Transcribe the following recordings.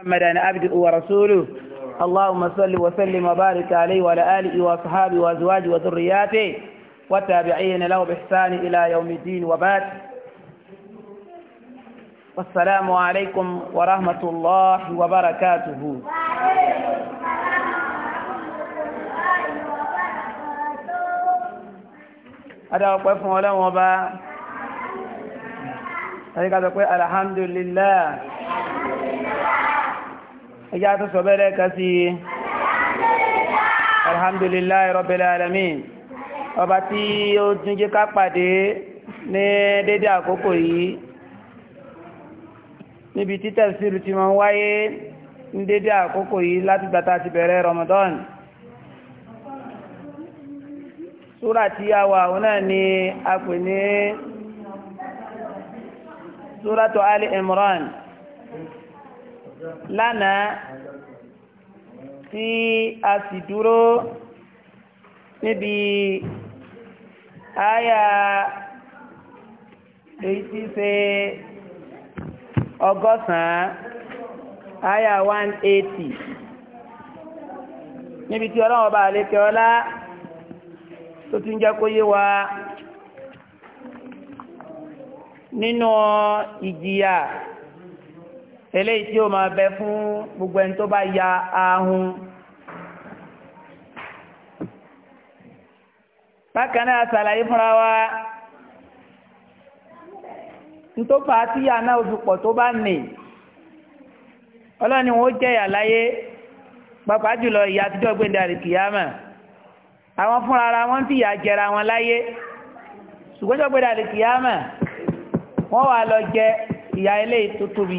محمدا عبده ورسوله اللهم صل وسلم وبارك عليه وعلى آله وصحابه وأزواجه وذرياته والتابعين له بإحسان إلى يوم الدين وبعد والسلام عليكم ورحمة الله وبركاته ada ọpẹ́ fún Ọlọ́run ọba ẹni ká sọ pé alhamdulillah ẹjá tó sọ bẹ́rẹ̀ ká sí alhamdulillahi rabbil alamin ọba tí ó tún jẹ́ ká pàdé ní dédé àkókò yìí níbi tí tafsir ti máa ń wáyé ní dédé àkókò yìí láti gbàtà ti bẹ̀rẹ̀ Ramadan súrà tí a wà náà ni a pè ní súrà tó Ali Imran lánàá tí a sì dúró níbi àyà èyí tí ṣe ọgọ́sàn-án àyà one eighty níbi tí ọlọ́run ọba àlékè ọlá tó ti ń jẹ́ yé wa nínú ìjìyà. eléyìí tí ó máa bẹ fún gbogbo ẹni tó bá ya ahun bákan náà fúnra wa tí tíyà náà oṣù pọ̀ tó bá nì ọlọ́ni wọn ó jẹ̀yà láyé pàápàá jùlọ ìyá àtijọ́ gbẹ̀dẹ̀ àríkìyàmà àwọn fúnra ara wọn ti yà jẹra wọn láyé ṣùgbọ́n wọ́n wà lọ jẹ ìyá tó tóbi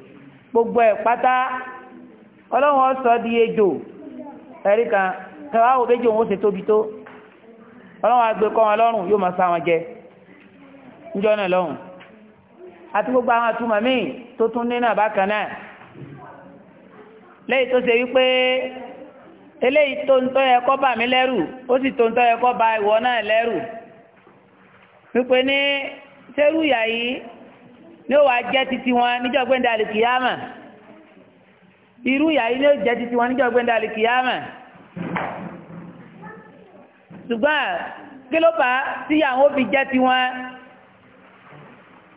gbogbo ẹ̀ pátá ọlọ́run sọ di ejò ẹ̀rí kan tẹ̀wá wo méjì òun ó ṣe tóbi tó ọlọ́run àgbẹ̀ kọ́ wọn lọ́rùn yóò máa sá jẹ níjọ́ náà lọ́rùn àti gbogbo àwọn àtúmọ̀ míì tó tún ní náà bákan náà lẹ́yìn tó ṣe wípé eléyìí tó ń tọ́ bà mí lẹ́rù ó yóò wá jẹ́ títí wọn níjọ́ gbẹ́ndẹ́ àlìkìyàmà irú ìyá yìí yóò jẹ́ títí wọn níjọ́ gbẹ́ndẹ́ àlìkìyàmà ṣùgbọ́n kí ló fà á tí àwọn òbí jẹ́ ti wọn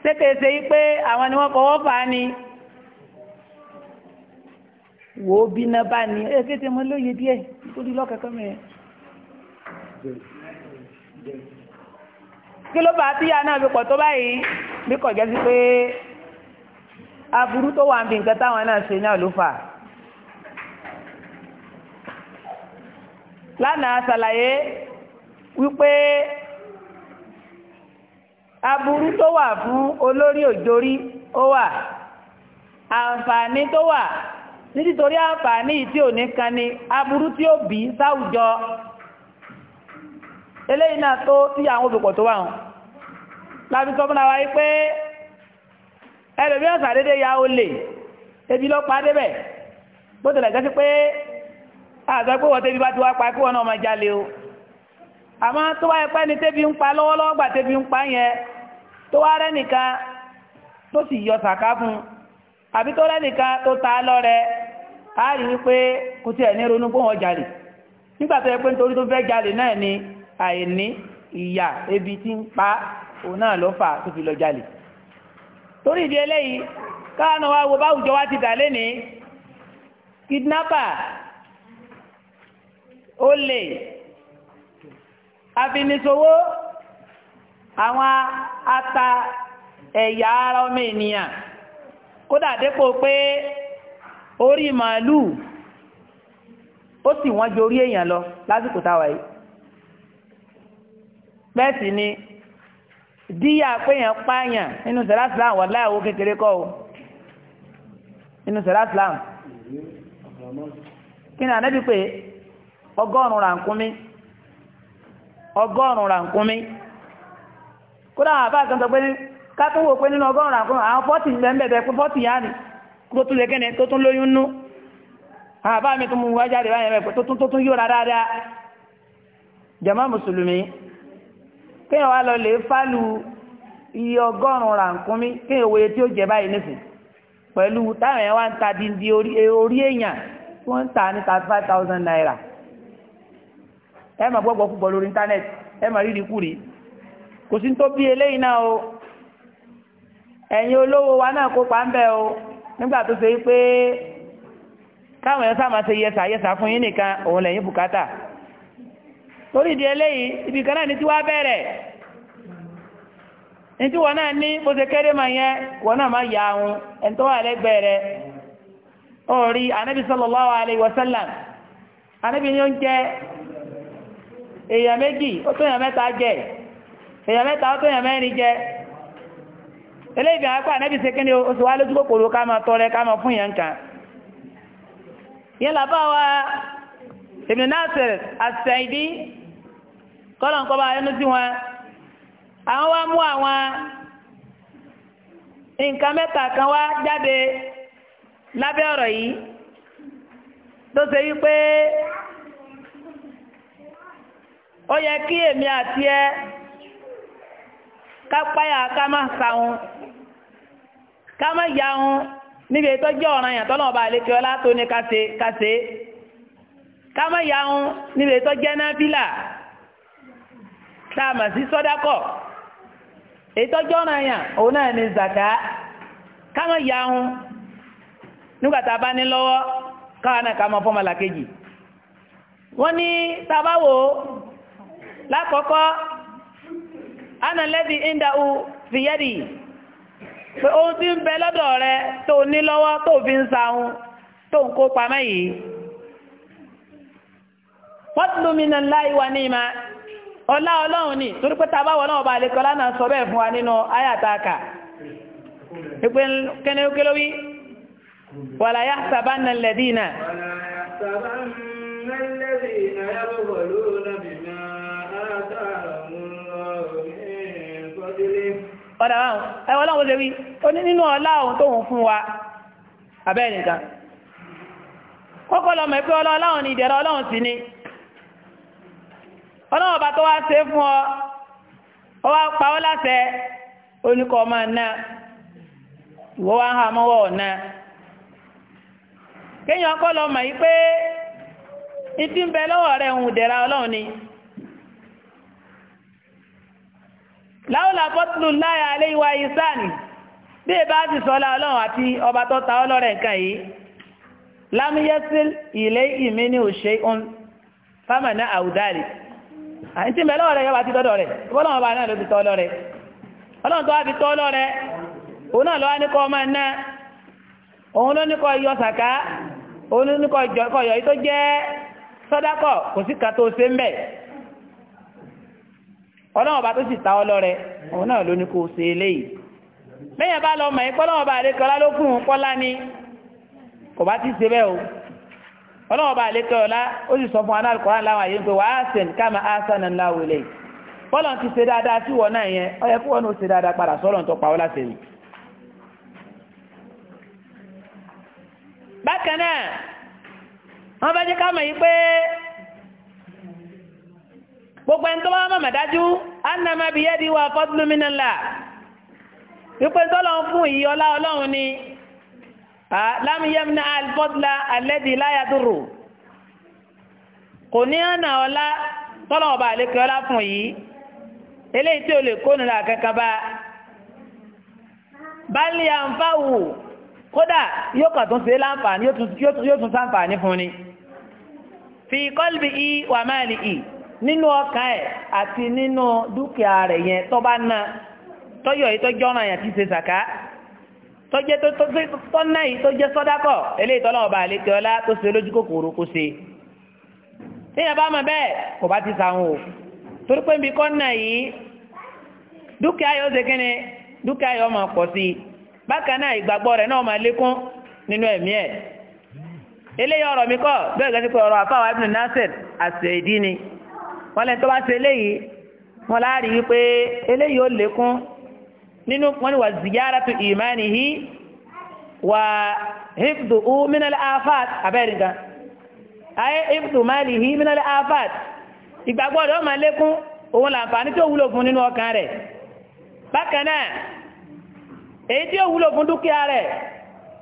ṣékèèṣe yìí pé àwọn ni wọ́n fọwọ́ fà á ni wò ó bínú bá ní ẹ kéde mo lóye díẹ̀ kó di lọ́kẹ̀kọ́ mi. kí ló bá tíyà náà fi pọ̀ tó báyìí bí kò sí pé aburú tó wà ń bí nǹkan táwọn náà ṣe náà ló fà. lánàá ṣàlàyé wípé aburú tó wà fún olórí òjòrí ó wà àǹfààní tó wà nítorí àǹfààní tí ò ní kan ni aburú tí ó bí sáwùjọ eléyìí láti sọ fún àwa yìí pé ẹlòmí ọ̀sà dédé ya olè ebi ló pa débẹ̀ bó tilẹ̀ jẹ́ sí pé àgbẹ̀ pé wọ́n tẹ́bi bá ti wá pa kí wọ́n náà máa jalè o àmọ́ tó wáyé pé ní tẹ́bi ń pa lọ́wọ́lọ́wọ́ gbà tẹ́bi ń pa yẹn tó wá rẹ́ nìkan tó sì yọ sàká fún àbí tó rẹ́ nìkan tó ta lọ́rẹ á rí wípé kò tiẹ̀ ní ronú pé wọ́n jalè nígbà tó yẹ pé nítorí tó fẹ́ jalè náà ni àìní ìyà ebi ti ń pa òun náà ló fà tó fi lọ jalè torí ìdí eléyìí káwọn wa wo báwùjọ wa ti dà lẹ́nìí kidnapper olè afinisowó àwọn ata ẹ̀yà ara ọmọ ènìyàn kódà dépò pé orí màálù ó sì wọ́n ju èèyàn lọ lásìkò táwa yìí bẹ́ẹ̀ sì ni díyà péyàn pààyàn nínú sẹ̀rá islam wà kékeré kọ́ o nínú sẹ̀rá islam kí ni ànábì pé ọgọ́rùn-ún ọgọ́rùn-ún kódà àwọn àbá àkàntọ̀ pé kátó pé nínú ọgọ́rùn-ún àwọn fọ́tì bẹ̀ẹ̀bẹ̀ pé fọ́tì yá ni tó tún lè kẹ́ni tó tún lóyún nú àbá kéèyàn wá lọ lè fálù iye ọgọ́rùn-ún rànkúnmí kéèyàn wo iye tí ó jẹ báyìí nísìn pẹ̀lú táwọn yẹn ń ta dindi orí èèyàn tí wọ́n ń ta ní thirty five thousand naira ẹ máa gbọ́gbọ́ púpọ̀ lórí íńtánẹ́ẹ̀tì ẹ máa rírì kúrì kò sí tó bí eléyìí náà o ẹ̀yin olówó wa náà kópa ń bẹ̀ o nígbà tó ṣe pé káwọn yẹn sá máa ṣe yẹsà yẹsà fún yín nìkan òun lẹ́yìn bùkátà. torí ìdí ibi kan náà ní tí wá bẹ̀rẹ̀ ní tí wọ́n náà ní bó ṣe ma yẹn wọ́n náà má yà àwọn ẹni tó wà lẹ́gbẹ̀ẹ́ rẹ̀ orí anábì sallallahu alaihi wasallam anábì ní oúnjẹ èèyàn méjì ó tó yàn mẹ́ta jẹ èèyàn mẹ́ta ó tó kama kọ́lọ̀ ń ẹnu sí wọn àwọn wá mú àwọn nǹkan mẹ́ta kan wá jáde lábẹ́ ọ̀rọ̀ yìí tó ṣe wípé ó yẹ kí èmi àti ẹ ká páyà ká má sàún ká má yàún níbi ètò ọ̀ràn ọba àlejò ọlá tó ní kase ká má yàún níbi ètò jẹ́ náà tá a mà sí sọ́dákọ̀ ètòjọ́ náà yàn òun náà zaka káwọn ya ahun nígbà tá a bá ní lọ́wọ́ káwọn náà ká mọ fọ́mọ làkejì wọ́n ní tá a bá wò lákọ̀ọ́kọ́ ánàlẹ́bí ìndàú fìyẹ́dì pé ó ti ń bẹ lọ́dọ̀ rẹ tó ní lọ́wọ́ tó fi ń sahun tó ń kó pamẹ́ yìí wọ́n ti ní ìmá ọlá ọlọ́run ni torí pé tàbá wọ́n náà bá lè kọlá náà sọ bẹ́ẹ̀ fún wa nínú ayàtàkà ìpé kẹ́nẹ́ òkè lówí wala yahsabanna alladhina ọ̀dà wọn ẹwọ́n láwọn lè wí ó ní nínú ọlá ohun tó hùn wa lọ ọlọ́run sí ọlọ́wọ́ bá tó wá ṣe fún ọ ọ wá pa ọ́ láṣẹ oníkọ́ ọmọ náà ìwọ wá ń ha mọ́wọ́ ọ̀nà kéèyàn kọ́ lọ mọ̀ yìí pé ìtì ń bẹ lọ́wọ́ rẹ̀ ń dẹ̀ra ọlọ́run ni láwùlà bọ́tùlù láyà alẹ́ ìwà ìsáàni bí ìbá ti sọ́lá ọlọ́run àti ọba tó ta ọlọ́rẹ̀ nǹkan yìí lámúyẹ́sí ilé àyíntí ń bẹ lọ́wọ́ rẹ̀ yọba ti dọ́dọ̀ rẹ̀ ìbọ́lọ́wọ́ bá náà ló ti tọ́ lọ rẹ̀ ọlọ́run tó wá fi tọ́ lọ rẹ̀ òun náà lọ́wọ́ níkọ́ ọmọ iná òun ló níkọ́ yọ sàká òun ló níkọ́ ìjọkọ̀ yọ tó jẹ́ sọ́dákọ̀ kò sí ká tó ṣe ń bẹ̀ ọlọ́run bá tó sì ta ọ rẹ̀ òun náà ló ní kó ṣe eléyìí bẹ́yẹn bá lọ mọ̀ ọlọ́wọ́ bá lékẹ́ ọlá ó sì sọ fún anáàlùkọ́rán láwọn àyè ń pè wà á sìn káàmà áṣánà láwọ ilẹ̀ bọ́lọ̀ ti ṣe dáadáa sí wọ́n náà yẹn ó yẹ kí wọ́n náà ṣe dáadáa padà sọ́lọ̀ tó pa ọ́ láti rí. bákan náà wọ́n fẹ́ jẹ́ káàmà yìí pé gbogbo ẹni tó bá mọ̀mọ̀ dájú annama biyadi wà fọ́túnúmínà là wípé tọ́lọ́ fún ìyọlá ọlọ́run ni lámì yẹmúná alifọ́dúlá alẹ́dì láyàdúró kò ní ọ̀nà ọ̀la tọ́lọ̀ ọba àlékè ọlá fún yìí eléyìí tí o lè kó nira kankan bá báyìí àǹfà wò kódà yóò kàn tún ṣe láǹfààní yóò tún sáǹfààní fún ni fi kọ́lbì i wà máàlì i nínú ọkàn ẹ̀ àti nínú dúkìá rẹ̀ yẹn tó bá ná tọ́yọ̀ yìí tọ́jọ́ ọ̀ràn yẹn ti ṣe sàká tó jẹ́ tó náà yìí tó jẹ́ sọ́dákọ̀ eléyìí tọ́lọ́wọ́ bá àlékè ọlá tó ṣe lójú kòkòrò kó ṣe téèyàn bá mọ̀ bẹ́ẹ̀ kò bá ti sàwọn o torí pé nbí kọ́ yìí dúkìá yóò ṣe kíni dúkìá yóò máa pọ̀ sí i bákan náà ìgbàgbọ́ rẹ̀ náà máa lékún nínú ẹ̀mí ẹ̀ eléyìí ọ̀rọ̀ mi kọ́ bẹ́ẹ̀ gẹ́gẹ́ pé ọ̀rọ̀ àfáwà ibùdó nasir àṣẹ ìdí ni wọ́n lẹ́ni tó bá ṣe eléyìí wọ́n láàrí wípé eléyìí ó lékún nínú wọn wà ziyaratu imanihi wà hifdu u minal afat abẹ́rẹ̀ nǹkan ayé hifdu malihi minal afat ìgbàgbọ́ ọ̀dọ́ máa lékún òun làǹfààní tó wúlò fún nínú ọkàn rẹ̀ bákan náà èyí tí ó wúlò fún dúkìá rẹ̀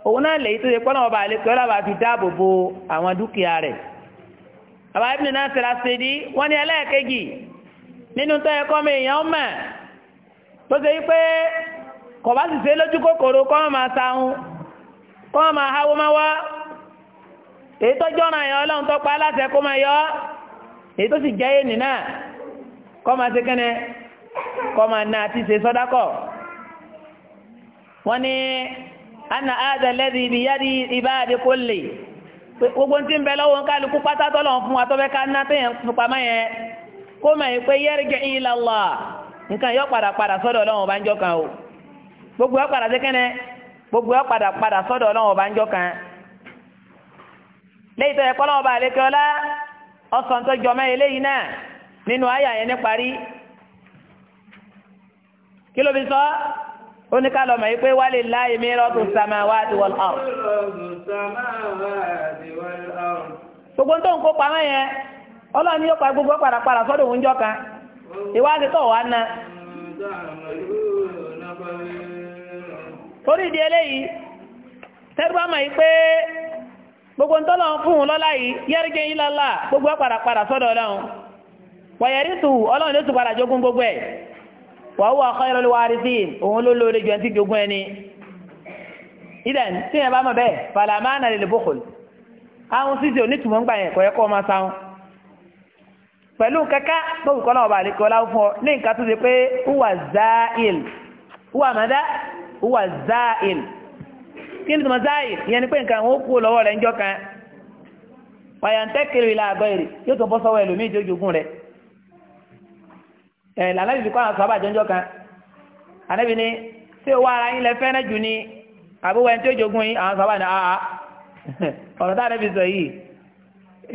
òun náà lèyí tó yẹ pọ́nà ọba àlekè ọlọ́ba fi dáàbò bo àwọn dúkìá rẹ̀ àbá ibùdó náà sẹ̀rà sèdí wọ́n ní ẹlẹ́ẹ̀kejì nínú tó yẹ kọ́ mi èèyàn mọ̀ tó ṣe pé kọ̀bá sì ṣe lójú kòkòrò kọ́ máa sahun kọ́ máa háwó máa wá èyí tó jọ́ra yẹn ọlọ́run tó pa aláṣẹ kó máa yọ èyí tó sì jẹ́ ènì náà kọ́ máa ṣe kẹ́nẹ́ kọ́ máa na àti ṣe sọ́dákọ̀ wọ́n ní ana ada lẹ́dí ibi yádi ibá àdékò lè gbogbo tí ń bẹ lọ́wọ́ ń kálukú pátá tọ́lọ̀ fún wa tó fẹ́ ká ná téèyàn fipamọ́ yẹn kó máa yẹ pé ìlàlá nǹkan yọ padà padà sọ́dọ̀ ọlọ́run ọba ń jọ kan o gbogbo yọ padà sékẹ́nẹ́ gbogbo yọ padà padà sọ́dọ̀ ọlọ́run ọba ń jọ kan lẹ́yìn tó yẹ kọ́ lọ́wọ́ bá ọlá tó eléyìí náà nínú ní parí kí ló fi sọ ó ní ká lọ mọ̀ pé wálé láì mí sàmà wá ti wọ́n ọ̀. gbogbo tó ń yẹn ọlọ́run yóò pa gbogbo padà padà sọ́dọ̀ òun jọ kan. ìwádìí tó wà náà torí ìdí eléyìí tẹ́rùbá máa yí pé gbogbo ń tọ́lọ̀ fún un lọ́lá yìí yẹ́rìgẹ́ yìí lọ́lá gbogbo ẹ̀ padà padà sọ́dọ̀ ọlọ́run wọ̀yẹ̀rí tù ọlọ́run ló tù padà jogún gbogbo ẹ̀ wà ó wà ọkọ ìrọ̀lú wa rí sí òun ló lóore ju ẹni tí jogún ẹni ìdẹ̀ tí yẹn bá mọ̀ bẹ́ẹ̀ fàlàmánà lè bókòl àwọn sísè onítùmọ̀ ń gbà yẹn kọ̀ yẹ kọ́ ọmọ sáwọn pẹ̀lú kẹ́kẹ́ tó wùkọ́ náà bà lè kọ́ láwọ́ fún ọ ní nǹkan tó ṣe pé wúwà záìl wúwà mọ́dá wúwà záìl kí ni tó mọ́ záìl ìyẹn ni pé nǹkan wọn kú lọ́wọ́ rẹ̀ ńjọ́ kan pàyàntẹ́ kiri ìlà àgọ́ èrè yóò tó bọ́ sọ́wọ́ ẹlòmíì tó jogún rẹ̀ ẹ̀ lànà ìdíkọ́ àwọn sábà jọ́njọ́ kan ànábi ni tí owó ara yín lẹ fẹ́ràn jù ni àbúwẹ̀ tó jogún yín àwọn sábà ní àá ọ̀rọ̀ tá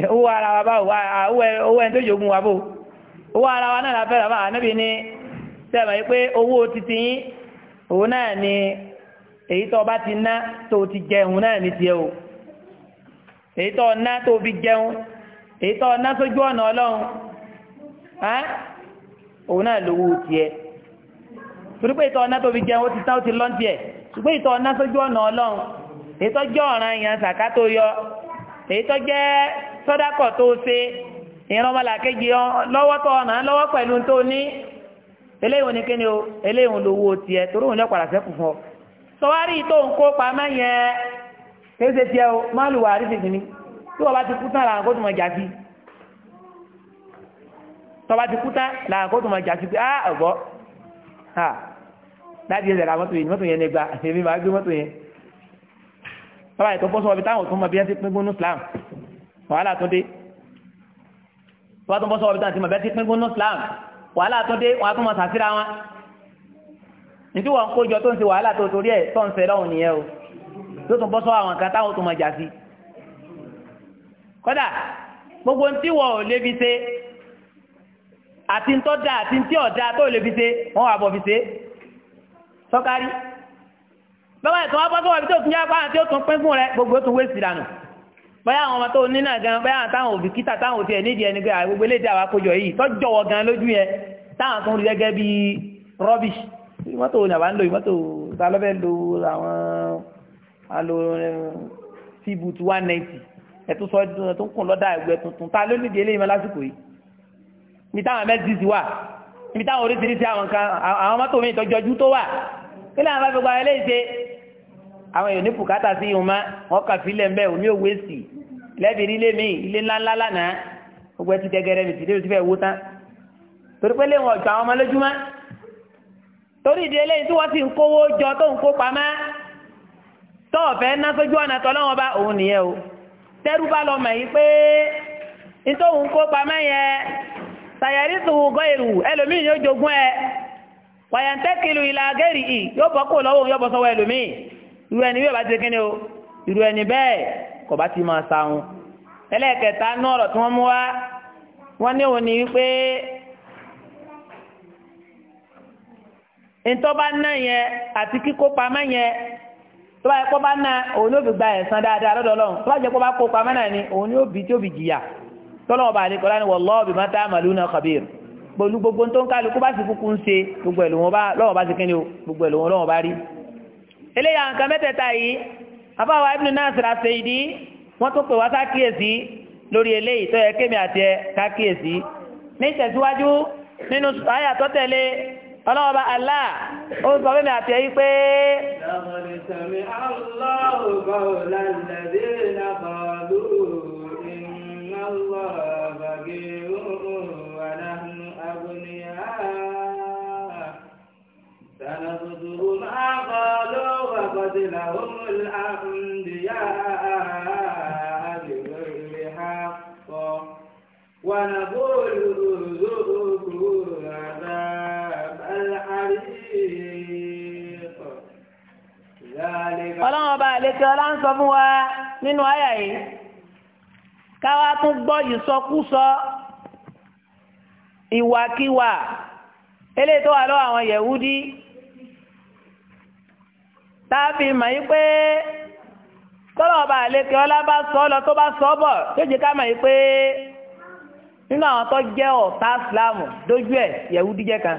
owó ara wa báwo owó ẹni tó jogún wa bó owó ara wa náà la níbi ni sẹ́wọ̀n yìí pé owó titi yín òun náà ni èyí tó bá ti ná ti jẹun náà ni tiẹ̀ o èyí tó ná tó fi jẹun èyí tó ná sójú ọ̀nà ọlọ́run òun náà lówó tiẹ̀ torí pé ìtọ́ ọ̀nà tó fi jẹun ó ti tán ó ti lọ́n tiẹ̀ ṣùgbọ́n ìtọ́ ọ̀nà sójú ọ̀nà ọlọ́run èyí tó jẹ́ ọ̀ràn yọ èyí tó sọ́dákọ̀ tó ṣe ìran ọmọlàkejì lọ́wọ́ tó ọ̀nà lọ́wọ́ pẹ̀lú tó ní eléyìí ní kíni o eléyìí lówó tiẹ̀ torí òun yọ padà sẹ́kù sọwárí tó ń kó pamọ́ yẹn kéṣe tiẹ̀ o má lù wà àríṣe ni tí wọ́n bá ti kú tán làwọn kó tó mọ̀ jà sí i tọ́ba ti kú tán làwọn kó tó mọ̀ jà pé ah ọ̀gbọ́ ha láti ẹsẹ̀ ra mọ́tò yẹn mọ́tò yẹn lè gba èmi máa gbé mọ́tò yẹn tọ́ba yẹn tó bọ́ sọ́wọ́ bí táwọn tó bí wọ́n ti pín gbónú Islam wàhálà tó dé wọ́n tún bọ́ sọ́wọ́ bí táwọn ti mọ̀ bẹ́ẹ̀ ti pín gúnnú Islam wàhálà tó dé wọ́n tún mọ̀ sàfíra wọn nítorí wọn kó jọ tó ń ṣe wàhálà tó torí ẹ̀ tó ń fẹ́ lọ́hùn nìyẹn o tó tún bọ́ sọ́wọ́ àwọn kan táwọn tó mọ̀ jà sí kódà gbogbo ntí wọn ò lébi ṣe àti ntọ́ da àti ntí ọ̀dà tó lè fi ṣe wọ́n wà bọ̀ fi se sọ́kárí bàbá ìtàn wọn bọ́ sọ́wọ́ ibi tó tún yá fáwọn tí báyà àwọn ọmọ tó ní náà gan báyà táwọn òbí kíta táwọn òtí ẹ̀ nídìí ẹni pé àgbègbè lè dé àwọn àkójọ yìí tọ́jọ́ wọ gan lójú yẹn táwọn tó ń rí gẹ́gẹ́ bí rubbish mọ́tò ní àbá ń lò yìí mọ́tò ta lọ́fẹ́ lo àwọn alo eh, tibut one ninety ẹ̀tú sọ tó ń kùn lọ́dà ẹgbẹ́ tuntun ta ló nídìí eléyìí mọ́ lásìkò yìí ibi táwọn mẹ́tìsì wà ibi táwọn oríṣiríṣi àwọn kan àwọn mọ́tò mi ìtọ́jọ́jú tó wà àwọn èèyàn ní bùkátà sí ìhun mọ́ wọn kà fílẹ̀ ń bẹ́ òní òwe sì lẹ́bi nílé mi ilé ńláńlá lánàá gbogbo ẹ ti dẹgẹrẹ mi tìdé òsì fẹ́ wó tán torí pé léwọn ọ̀jọ̀ àwọn ọmọ lójúmọ́ torí ìdí eléyìí tí wọ́n sì ń kówó jọ tó ń kó pamọ́ tó ọ̀fẹ́ ná sójú ọ̀nà tọ́lọ́wọ́n bá òun nìyẹn o tẹ́rú bá lọ mọ̀ yìí pé nítorí òun kó pamọ́ yẹn sàyẹ̀rì sùn gọ́ èrù ẹlòmíì yóò jogún ẹ wàyàntẹ́kìlù ìlà agẹ́rì yìí yóò bọ́ kó lọ́wọ́ yóò bọ́ sọ́wọ́ ẹlòmíì irú ẹni bí ọba ti kíni o irú ẹni bẹ́ẹ̀ kò bá ti máa sa wọn. ẹlẹ́ẹ̀kẹta ní ọ̀rọ̀ tí wọ́n mú wá wọ́n ní òun ni wípé ntọ́ba ná yẹn àti kíkó pamọ́ yẹn tó bá yẹ kó bá ná òun yóò fi gba ẹ̀san dáadáa lọ́dọ̀ Ọlọ́run tó jẹ́ kó bá kó pamọ́ náà ni òun yóò bí tí ó fi jìyà tọ́lọ́wọ́ bá àlekọ́lá ni wallahu bima ta'maluna khabir pẹ̀lú gbogbo tó ń kálukú bá sì kúkú ń ṣe gbogbo ẹ̀ lọ́wọ́ bá ti kíni o gbogbo ẹ̀ lọ́wọ́ bá rí eléyà nǹkan mẹ́tẹ̀ẹ̀ta yìí afáwa ibnu nasir aseidi wọ́n tún pè wá sákìyèsí lórí eléyìí tó yẹ kémi àti ẹ kákìyèsí ní ìtẹ̀síwájú nínú àyà tó tẹ̀lé ọlọ́wọ́ba alá ó sọ fẹ́mi àti ẹ̀yí pé. Allahu سنذكر ما قالوا وقتلهم الأنبياء بغير حق ونقول ذوقوا عذاب الحريق ذلك ọlọ́run ọba àlejò ọlá ń sọ fún wa nínú àyà yìí káwa tún gbọ́ ìsọkúsọ ìwàkiwà eléyìí tó wà lọ́wọ́ àwọn yẹ̀wúdí tàbí mọ̀ yí pé tọ́lọ̀ ọba àlékè ọlá bá sọ lọ tó bá sọ bọ̀ tó jẹ́ ká mọ̀ yí pé nínú àwọn tó jẹ́ ọ̀tá Islam dójú ẹ̀ Yẹhudi jẹ́ kan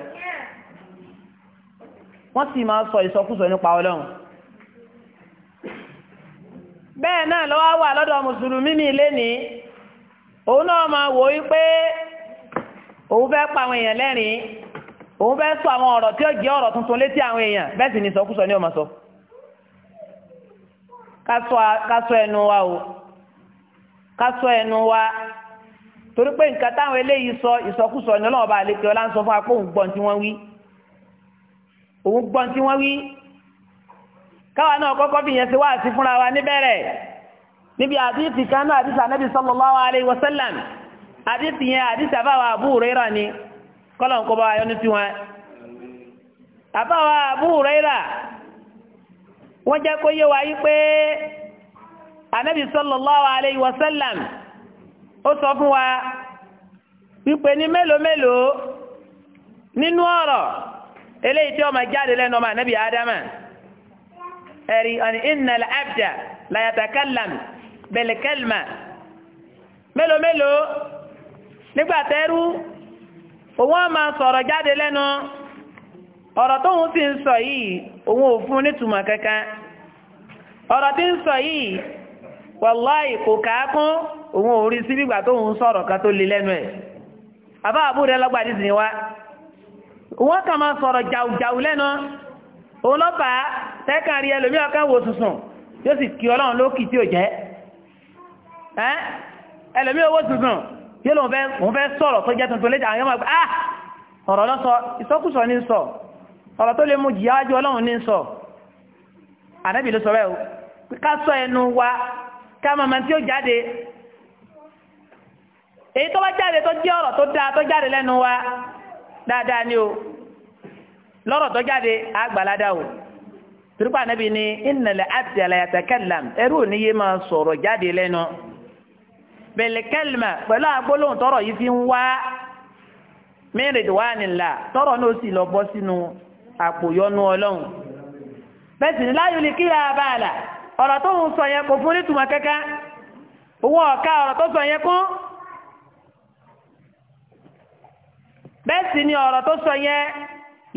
wọ́n sì máa sọ ìsọkúsọ nípa Ọlọ́run bẹ́ẹ̀ náà lọ́wọ́ wà lọ́dọ̀ mùsùlùmí mi lénìí òun náà máa wò ó pé òun fẹ́ pa àwọn èèyàn lẹ́rìn òun fẹ́ sọ àwọn ọ̀rọ̀ tí ó jẹ́ ọ̀rọ̀ tuntun létí àwọn èèyàn bẹ́ẹ̀ sì ni ìsọkúsọ ni ó sọ. So kásọ ẹnu wa o kásọ ẹnu wa torí pé nǹkan táwọn eléyìí sọ ìsọkúsọ ní ọlọ́wọ́ bá àlekè ọlá ń sọ fún wa pé òun gbọ́n tí wọ́n wí òun gbọ́n tí wọ́n wí yẹn wá sí fúnra wa níbẹ̀rẹ̀ níbi àdìsí kan náà àdìsí anábì sallallahu alaihi wasallam àdìsí yẹn àdìsí àbáwá Abu ni kọ́lọ̀ ń kọ́ bá wa wọ́n jẹ́ kó yé wa yí pé anabi sallallahu alayhi wa sallam ó sọ fún wa wípé ní mélòó mélòó nínú ọ̀rọ̀ eléyìí tí ó máa jáde lẹ́nu ọmọ anabi adama ẹ̀rí ọ̀nì innal abda la yatakallam bil kalma mélòó mélòó nígbà tẹ́rú òun á sọ̀rọ̀ jáde lẹ́nu ọ̀rọ̀ tóun ti ń sọ yìí òun ò fún nítumọ̀ kankan ọ̀rọ̀ tí ń sọ yìí wàláì kò káàkún òun ò rí sí gbígbà tóun sọ̀rọ̀ kan tó le lẹ́nu ẹ̀ bàbá àbúrò ẹlọ́gbà ní ìsìn wa wọ́n kàn máa sọ̀rọ̀ jàùjàù lẹ́nu òun lọ́pàá tẹ́kàrí ẹlòmí ọ̀kan wo tuntun yóò sì kí ọlọ́run ló tí ò jẹ́ ẹlòmí owó tuntun yóò lòun fẹ́ sọ̀rọ̀ tó jẹ́ tuntun léjà àwọn yóò ah ọ̀rọ̀ lọ́sọ ìsọkúsọ ní sọ̀rọ̀ ọ̀rọ̀ tó lè mú jìyájú ọlọ́run ní sọ ànábì ló sọ̀rọ̀ ẹ̀ ká sọ ẹnu wa ká mọ̀ tí ó jáde èyí tó bá jáde tó jẹ́ ọ̀rọ̀ tó dáa tó jáde lẹ́nu wa dáadáa ni o lọ́rọ̀ tó jáde àgbàládá o turupa anabi ni innal abda la yatakallam ẹrú ò yé máa sọ̀rọ̀ jáde lẹ́nu bẹ̀lẹ̀ kẹlìmà pẹ̀lú tọrọ yìí fi ń wá tọrọ náà sì lọ àpò yọnu ọlọ́run bẹ́ẹ̀ ni láyò lè kíra abáàlà ọ̀rọ̀ tó ń sọ yẹn kò fún nítumọ̀ kankan òun ọ̀ka ọ̀rọ̀ tó sọ yẹn kún bẹ́ẹ̀ ni ọ̀rọ̀ tó sọ yẹn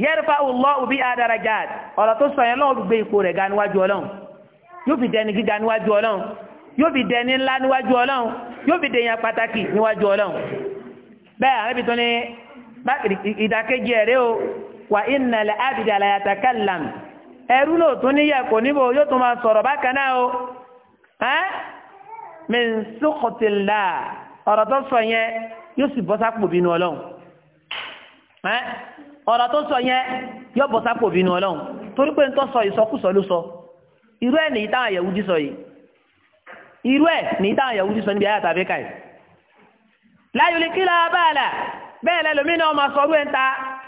yẹ́rùfà ọlọ́ òbí adarajà ọ̀rọ̀ tó sọ yẹn lọ́wọ́ gbé ipò rẹ̀ ga níwájú ọlọ́run yóò fi dẹni gíga níwájú ọlọ́run yóò fi dẹni ńlá níwájú ọlọ́run yóò fi dẹyàn pàtàkì níwájú ọlọ́run bẹ́ẹ̀ àrẹ́bìtún ni ìdàkejì ẹ̀rẹ́ o wà innal abida la yatakallam ẹrú ló tún níyà kò níbo yóò tún máa sọ̀rọ̀ bákan náà o ẹ́ min sukhutillah ọ̀rọ̀ tó sọ yẹn yóò sì bọ́ sápò bínú ọlọ́run ẹ́ ọ̀rọ̀ tó sọ yẹn yóò bọ́ sápò bínú ọlọ́run torí pé nítorí sọ ìsọkúsọ ló sọ irú ẹ̀ nìyí táwọn Yahudi sọ yìí irú ẹ̀ nìyí táwọn Yahudi sọ níbi ayé àtàbí káyì láyò lè bá a là bẹ́ẹ̀ lẹ́lòmínà ọmọ sọ̀rọ̀ ẹ̀ ń ta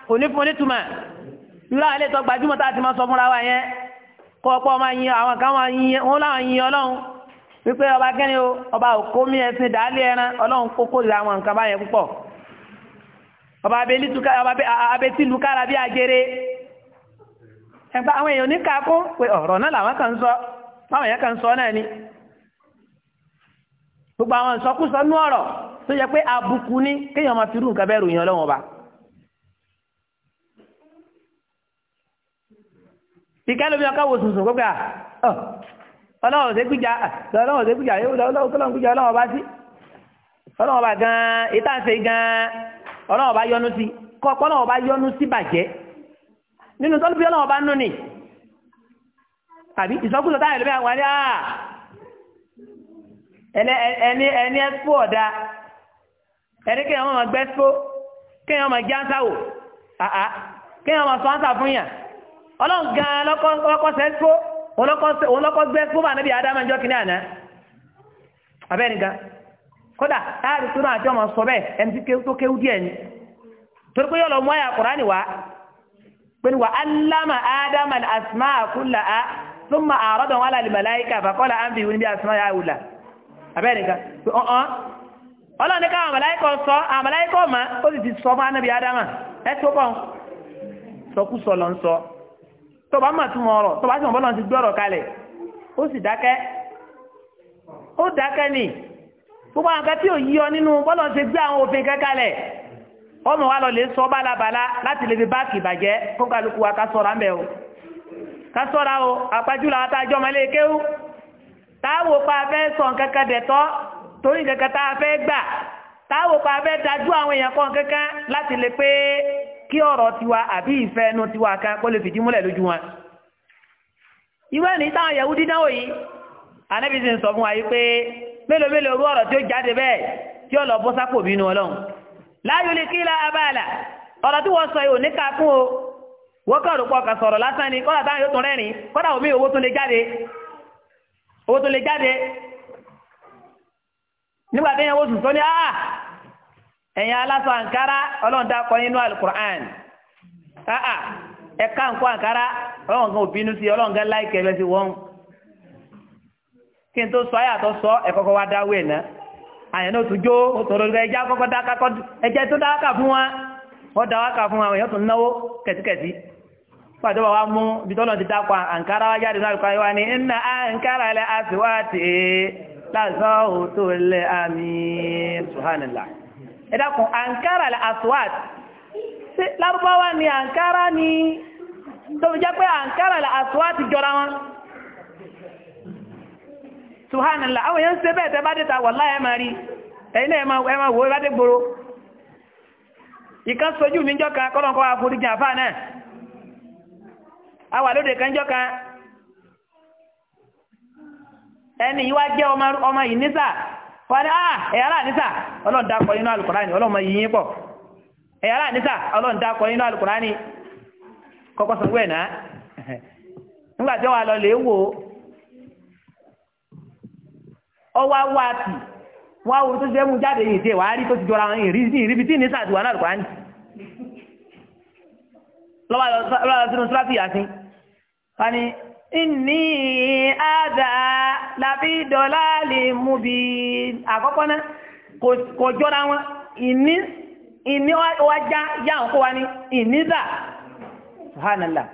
kò ní fún onítùmọ̀ irú àlẹ́ tó gbajúmọ̀ tá a ti máa sọ fúnra wa yẹn kọ́ ọ̀pọ̀ máa yin àwọn kan máa yin wọn láwọn yin ọlọ́run wípé ọba kẹ́ni o ọba òkó mi ẹsìn dàálé ẹran ọlọ́run kókó ìlà àwọn nǹkan báyẹn púpọ̀ ọba abetí lukára bí ajere ẹgbà àwọn èèyàn níka kún pé ọ̀rọ̀ náà làwọn kan sọ báwọn èèyàn kan sọ náà ni gbogbo àwọn ìsọkúsọ nú ọ̀rọ̀ tó yẹ pé àbùkù ni kéèyàn máa fi rú nǹkan bẹ́ẹ̀ ròyìn ọlọ́run ọba ti kẹ́ lómi ọkọ̀ wo sùnsùn kókè à ọlọ́run ṣe gbìjà ọlọ́run ṣe gbìjà ọlọ́run gbìjà ọlọ́run bá sí ọlọ́run bá gan ìta ń ṣe gan ọlọ́run bá yọnu sí kọ́kọ́ ọlọ́run bá yọnu sí bàjẹ́ nínú tọ́lú bí ọlọ́run bá nù ni àbí ìsọkúsọ táyà lómi àwọn àdé àá ah, ẹni ẹni ẹni ẹspo ọ̀dà ẹni kéèyàn máa gbẹ́spo kéèyàn máa jẹ́ ansáwò àá sọ ansá fún yàn ọlọ́run gan lọ́kọ́ sẹ́ńtó òun lọ́kọ́ gbé fún ànábì ádámà ìjọ kìíní àná abẹ́nìkan kódà láàrin tó náà àti ọmọ sọ bẹ́ẹ̀ ẹni tó kéwú díẹ̀ ni torí pé yóò lọ mú àyà kùránì wá pé ni wà allama ádámà àsìmá àkúlà á súnmọ́ àrọ́dọ̀ wọn alàlì màláìkà àbàkọ́là á ń bìí níbi yà wùlà abẹ́nìkan ọlọ́run ní káwọn màláìkà sọ àmàláìkà ọmọ ó sì ti sọ fún ànábì ádámà ẹ tó kàn sọkúsọ lọ ń sọ tó bá mọ̀ túmọ̀ ọ̀rọ̀ tó bá sì mọ̀ bọ́lá ti gbé ọ̀rọ̀ ó sì dákẹ́ ó dákẹ́ ni gbogbo àwọn kan tí ò yí ọ nínú bọ́lá ti gbé àwọn òfin kẹ́kalẹ̀ ọmọ wa lọ lè sọ bálabàla láti lè fi báàkì ìbàjẹ́ kó kálukú wa ká sọ̀rọ̀ àmbẹ̀ o ká sọ̀rọ̀ o àpájú làwọn tá a jọ ọmọlé kéwú táwo pa fẹ́ sọ kankan dẹ̀tọ́ torí kankan tá a fẹ́ gbà táwo pa fẹ́ dájú àwọn èèyàn kan kankan láti lè pé kí ọ̀rọ̀ tiwa àbí ìfẹ́ inú tiwa kan kó lè fìdí múlẹ̀ lójú wọn. ìwé ní táwọn Yahudi dánwò yìí anábì sì ń sọ fún wa yìí pé mélòó mélòó orú ọ̀rọ̀ tí ó jáde bẹ́ẹ̀ tí ó lọ bọ́ sápò bínú ọlọ́run. láyò lè kí la abáàlà ọ̀rọ̀ tí wọ́n sọ yìí ò ní ká fún o wọ́n kàn rò pọ̀ kà sọ̀rọ̀ lásán ni kọ́dà táwọn yóò tún rẹ́rìn kọ́dà omi owó tún lè jáde owó tún lè jáde nígbà téèyàn wọ́n sùn sọ ní áà ẹ̀yin aláṣọ ah, ah, àǹkárá ọlọ́run dákọ inú alukur'an aa ẹ̀ka nǹkó àǹkárá ọlọ́run kan òbínú sí ọlọ́run kan láìkẹ́ ẹ̀rẹ́ sí kí n tó sọ ayé àtọ́ sọ ẹ̀kọ́kọ́ wá dáwọ́ ẹ̀ àyàn náà tún jó tó fún wa wọ́n fún wa wa mú ti dákọ̀ àǹkárá wá jáde náà ẹ ankara aswad ṣé lárúbáwá ni ankara ni tó fi jẹ́ pé ankara aswad jọra wọn subhanallah àwọn èèyàn ń bẹ́ẹ̀ tẹ́ bá dé ta wallahi ẹ máa rí ẹ̀yin náà ẹ máa wò ó bá dé gbòòrò ìkan sojú mi jọ kan kọ́lọ́nkọ́ àforíjì àfà náà àwa lóde kan jọ kan ẹni yìí wá jẹ́ ọmọ yìí nísà wọ́n a ẹ̀yàrá àníṣà ọlọ́run dákọ̀ nínú alukurani ọlọ́run máa yìnyín pọ̀ ẹ̀yàrá àníṣà ọlọ́run dákọ̀ nínú alukurani kọ́kọ́ sọ wẹ́ẹ̀ náà nígbà tí wọ́n lọ lè wò ó wá wá tì wọ́n wo tó ṣe mú jáde yìí tiẹ̀ rí tó ti jọra wọn ìrí ìríbi tí nísà ti wà lọ́wọ́ lábí dọ́là lè mú bí àkọ́kọ́ náà kò jọra wọn ìní ìní wa já yá òkú wa ní ìní dà subhanallah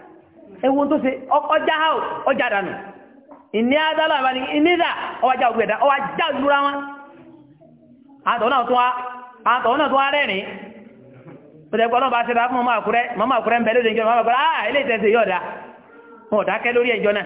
ewu tó ṣe ọjà ha ọjà dànù ìní adálà wà ní ìní dà ọjà ògbẹ̀dà ọjà lura wọn àtọ̀ náà tó wá rẹ́rìn pẹ̀lú ọlọ́run bá ṣẹlá fún mọ́mọ́ àkúrẹ́ mọ́mọ́ àkúrẹ́ ń bẹ̀lẹ́ ìjọ mọ́mọ́ àkúrẹ́ ah,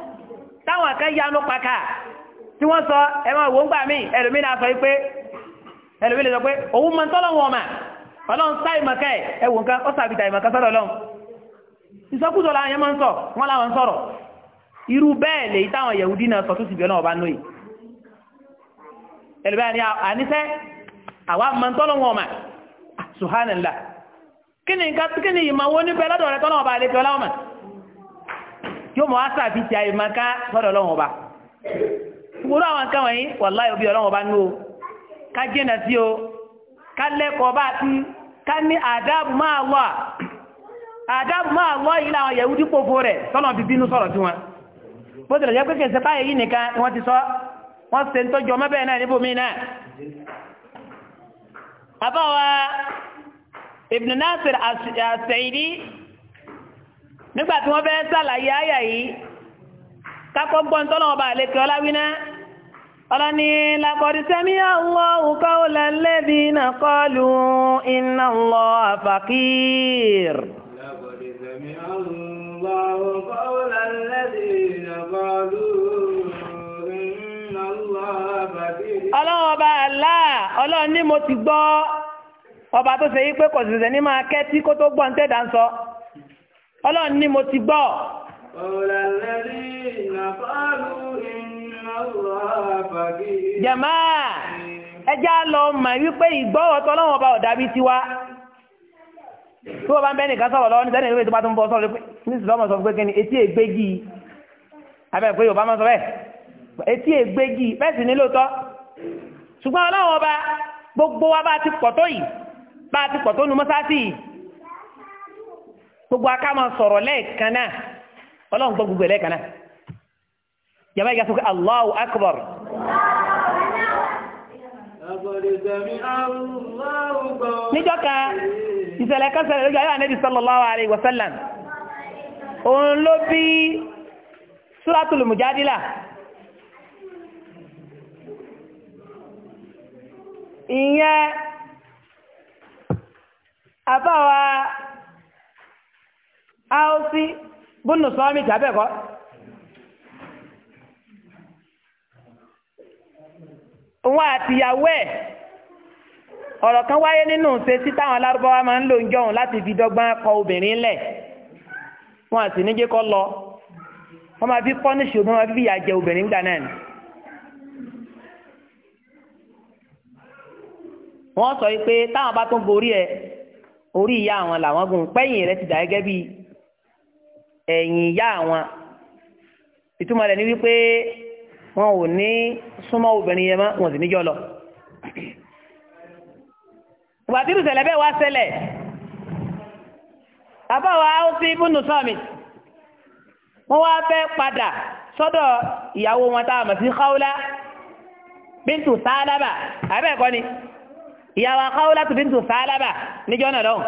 táwọn kan yanu pàkà tí wọ́n sọ ẹ máa ń gbà mí ẹlòmí náà sọ pé ẹlòmí lè sọ pé òun mọ̀ tọ́lọ̀ wọn ọlọ́run sá ìmọ̀kẹ́ ẹ nǹkan ó sàbìtà ìmọ̀kẹ́ sọ́dọ̀ ọlọ́run ìsọkúsọ làwọn yẹn máa ń sọ wọn làwọn ń sọ̀rọ̀ irú bẹ́ẹ̀ lèyí táwọn yẹ̀wùdí náà sọ tó sì bí ọlọ́run ọba nù yìí ẹlòmí àníṣẹ́ àwa mọ̀ tọ́lọ̀ wọn yóò mọ asa àfi ti àyè màkà sọ́dọ̀ ọlọ́run ọba wúrọ àwọn nǹkan wọ̀nyí wàláyé òbí ọlọ́run ọba nú o ká jẹnà sí o ká lẹ́kọ̀ọ́ bá ká ní àdáàbù máa wà àdáàbù máa wọ yìí làwọn yẹ̀wù dípò fo wọn bó tilẹ̀ yìí nìkan ni wọ́n ti sọ wọ́n ṣe ń tọ́jú náà nígbà tí wọ́n fẹ́ sàlàyé àyà yìí kakọ́ gbọ́n tọ́lọ̀ ọba àlekè ọláwíná ọlọ́ni làkọ̀dí sẹ́mi Allahu qawla alladhina qalu inna Allaha faqir. làkọ̀dí sẹ́mi Allahu qawla alladhina qalu inna Allaha faqir. ọlọ́run ọba àlá ọlọ́run ní mo ti gbọ́ ọba tó ṣe yí pé kò sì sẹ́ni máa kẹ́tí kó tó gbọ́n tẹ́dà ń sọ ọlọ́run ní mo ti gbọ́ jàmá ẹjá lọ mọ̀ wípé ìgbọ́wọ́ tọ́lọ́wọ́ bá ọ̀dà bí tiwa tí wọ́n bá ń bẹ́ nìkan sọ̀rọ̀ lọ́wọ́ ní sẹ́ni ìwé tó bá tún bọ́ sọ̀rọ̀ ní ìsìlọ́mọ̀ sọ pé kíni etí ègbégi abẹ́rẹ́ pé yorùbá máa sọ bẹ́ẹ̀ etí ègbégi bẹ́ẹ̀ sì ní lóòótọ́ ṣùgbọ́n ọlọ́wọ́ bá gbogbo wa bá ti pọ̀ tó yìí bá ti pọ̀ tó nu mọ́sáàtì yìí gbogbo aká máa sọ̀rọ̀ lẹ́ẹ̀kan náà ọlọ́run gbọ́ gbogbo lẹ́ẹ̀kan náà yàrá ìgbà sọ pé Allahu akbar. níjọ́ kan ìṣẹ̀lẹ̀ kan ṣẹlẹ̀ lójú ayé ànábì sallallahu alayhi wa sallam òun ló bí suratul mujadila. ìyẹn àbáwa. áósí bùnú sọ́ọ́mì tàbẹ́kọ́. wọn àtìyàwó ẹ̀ ọrọ kan wáyé nínú ṣe sí alárúbáwá máa ń lò ń jọun láti fi dọ́gbọ́n kọ obìnrin lẹ̀ wọn àti níjẹ́ kọ lọ wọ́n máa fi pọ́nìṣì obìnrin máa fi jẹ obìnrin gbà náà ni. wọ́n sọ pé táwọn bá tún borí ẹ orí ìyá àwọn làwọn gùn ẹ̀yìn ìyá àwọn ìtumọ̀ rẹ̀ ni wípé wọn ò ní súnmọ́ obìnrin yẹn mọ́ wọn sì níjọ́ lọ. ìgbà tí ìrùsẹ̀lẹ̀ bẹ́ẹ̀ wá ṣẹlẹ̀ bàbá wa ó sí ibùnú sọ́ọ̀mì wọ́n wá fẹ́ padà sọ́dọ̀ ìyàwó wọn tá a mọ̀ sí Khawla bíntu Sálàbà àbẹ́ẹ̀kọ́ ni ìyàwó Khawla tó bíntu Sálàbà níjọ́ náà lọ́hùn.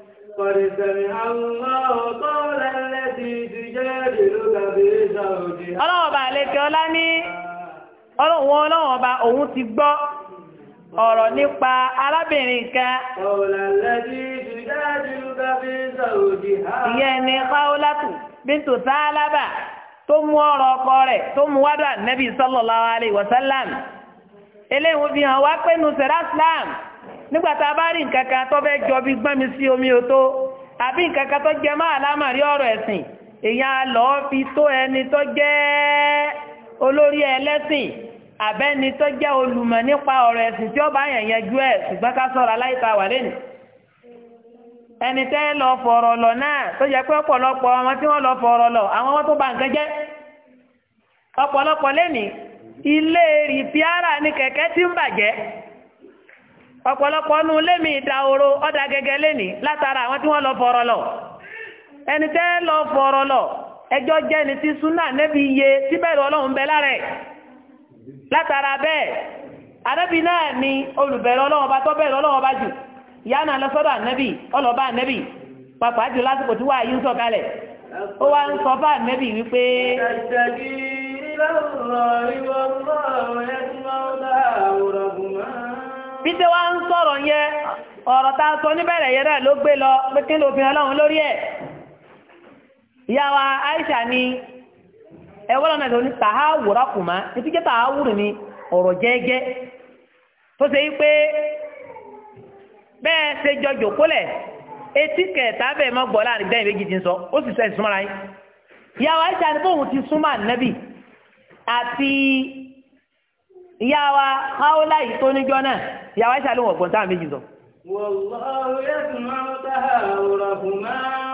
قد سمع الله قول التي تجادلك في زوجها ọlọ́wọ́ bá lè fi ọlá ní ọlọ́wọ́ ọlọ́wọ́ bá òun ti gbọ́ ọ̀rọ̀ nípa arábìnrin kan. قول التي تجادلك في ni Khawlatu bíntu Sálàbà tó mú ọ̀rọ̀ ọkọ rẹ̀ tó mú wádà nẹ́bí sallallahu alaihi wasallam eléyìí fi hàn wá pé nù nigbata bá rí nǹkan tó omi òtó àbí nǹkan tó jẹ máa lámàrí ọ̀rọ̀ ẹ̀sìn èèyàn lọ fi tó ẹni tó jẹ́ olórí ẹlẹ́sìn àbẹ́ni tó jẹ́ olùmọ̀ nípa ọ̀rọ̀ ẹ̀sìn tí ó bá yẹn yanjú ẹ̀ ṣùgbọ́n ká sọ̀rọ̀ aláìta wà lẹ́nu ẹni tẹ́ lọ fọ̀rọ̀ lọ náà tó yẹ pé ọ̀pọ̀lọpọ̀ àwọn tí wọ́n lọ fọ̀rọ̀ lọ àwọn wọn ọ̀pọ̀lọpọ̀ ọnú lémi ìdá oró ọ̀dà gẹ́gẹ́ lẹ́ni látara àwọn tí wọ́n lọ fọ̀rọ̀ lọ ẹni tẹ́ lọ fọ̀rọ̀ lọ ẹjọ́ jẹ́ ni ti súnà nẹ́bi iye síbẹ̀rù ọlọ́run bẹ lára ni olùbẹ̀rù ọlọ́run ọba bẹ̀rù ọba jù yánà ọlọ́ba pàpà jù lásìkò tí wàá ó wá ń sọ bí tí ń sọ̀rọ̀ yẹn ọ̀rọ̀ tá sọ níbẹ̀rẹ̀ ló gbé lọ pé ló fi Aisha ni ẹ wọ́n lọ́nà ìtọ́ni tàhàwùrà kùmá etí jẹ́ tàhàwùrù ni ọ̀rọ̀ jẹ́ẹ́jẹ́ tó ṣe pé bẹ́ẹ̀ ṣe jọ jòkólẹ̀ etí kẹta bẹ́ẹ̀ mọ́ gbọ́ láàrin bẹ́ẹ̀ méjì ti ń sọ ó sì yín Aisha ni bóun ti àti ìyá wa máwúlá yìí tó níjọ́ náà ìyá wa ṣàlùwọ̀ ọ̀gbọ̀n táwọn méjì sọ.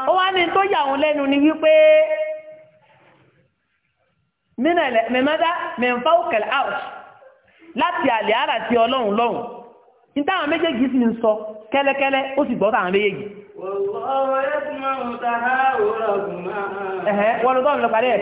ó wá ní tó yà òun lẹ́nu ni wípé mímọ́dá mẹ́fà òkèlè out láti àlè ara ti ọlọ́run lọ́hùn ní táwọn méjèèjì sì ń sọ kẹ́lẹ́kẹ́lẹ́ ó sì gbọ́ táwọn méjèèjì. wọ́n lọ tọ́wọ́n lọ parí ẹ̀.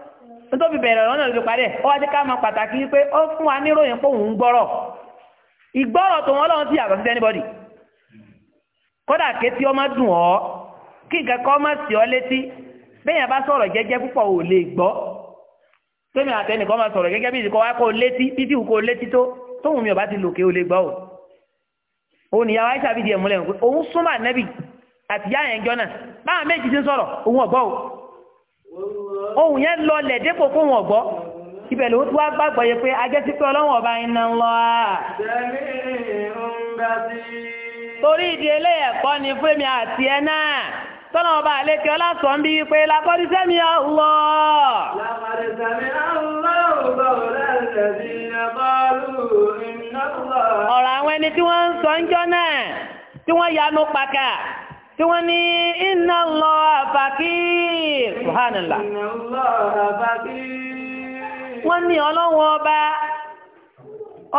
nítorí bẹ̀rẹ̀ ọ̀nà ló parí ẹ̀ ó wá sí ká mọ pàtàkì pé ó fún wa níròyìn pé òun ń gbọ́rọ̀ ìgbọ́rọ̀ tó wọn lọ́wọ́ sí yàtọ̀ sí anybody kódà kétí ọmọ dùn ọ́ kí nǹkan kọ́ ọmọ sí ọ létí bẹ́yìn bá sọ̀rọ̀ jẹ́jẹ́ púpọ̀ ò lè gbọ́ tómi àtẹnìkan máa sọ̀rọ̀ gẹ́gẹ́ bí ìdíkọ́ wá kó létí títí kó létí tó tóun mi ò bá ti lòkè ó lè gbọ́ ò òun nìyàwó àìsàbídìí ẹ̀ múlẹ̀ òun súnmọ́ òun ọ̀gbọ́ ohun yẹn lọlẹ̀ dépò fún wọn gbọ́ ibẹ̀ ló wá gbàgbọ́ yẹ pé ajẹ́ sí pé ọlọ́wọ̀n ọba iná ń lọ àà torí ìdí eléyẹ̀kọ́ ni fúnmi àti ẹ náà tọ́nà ọba àlékè ọlásọ̀ ń bí wípé lápọ́dísẹ́mi ọlọ́ ọ̀rọ̀ àwọn ẹni tí wọ́n ń sọ ń jọ náà tí wọ́n yanu pàkà tí wọ́n ní iná lọ àbákí ṣùhánàlá wọ́n ní ọlọ́wọ́ ọba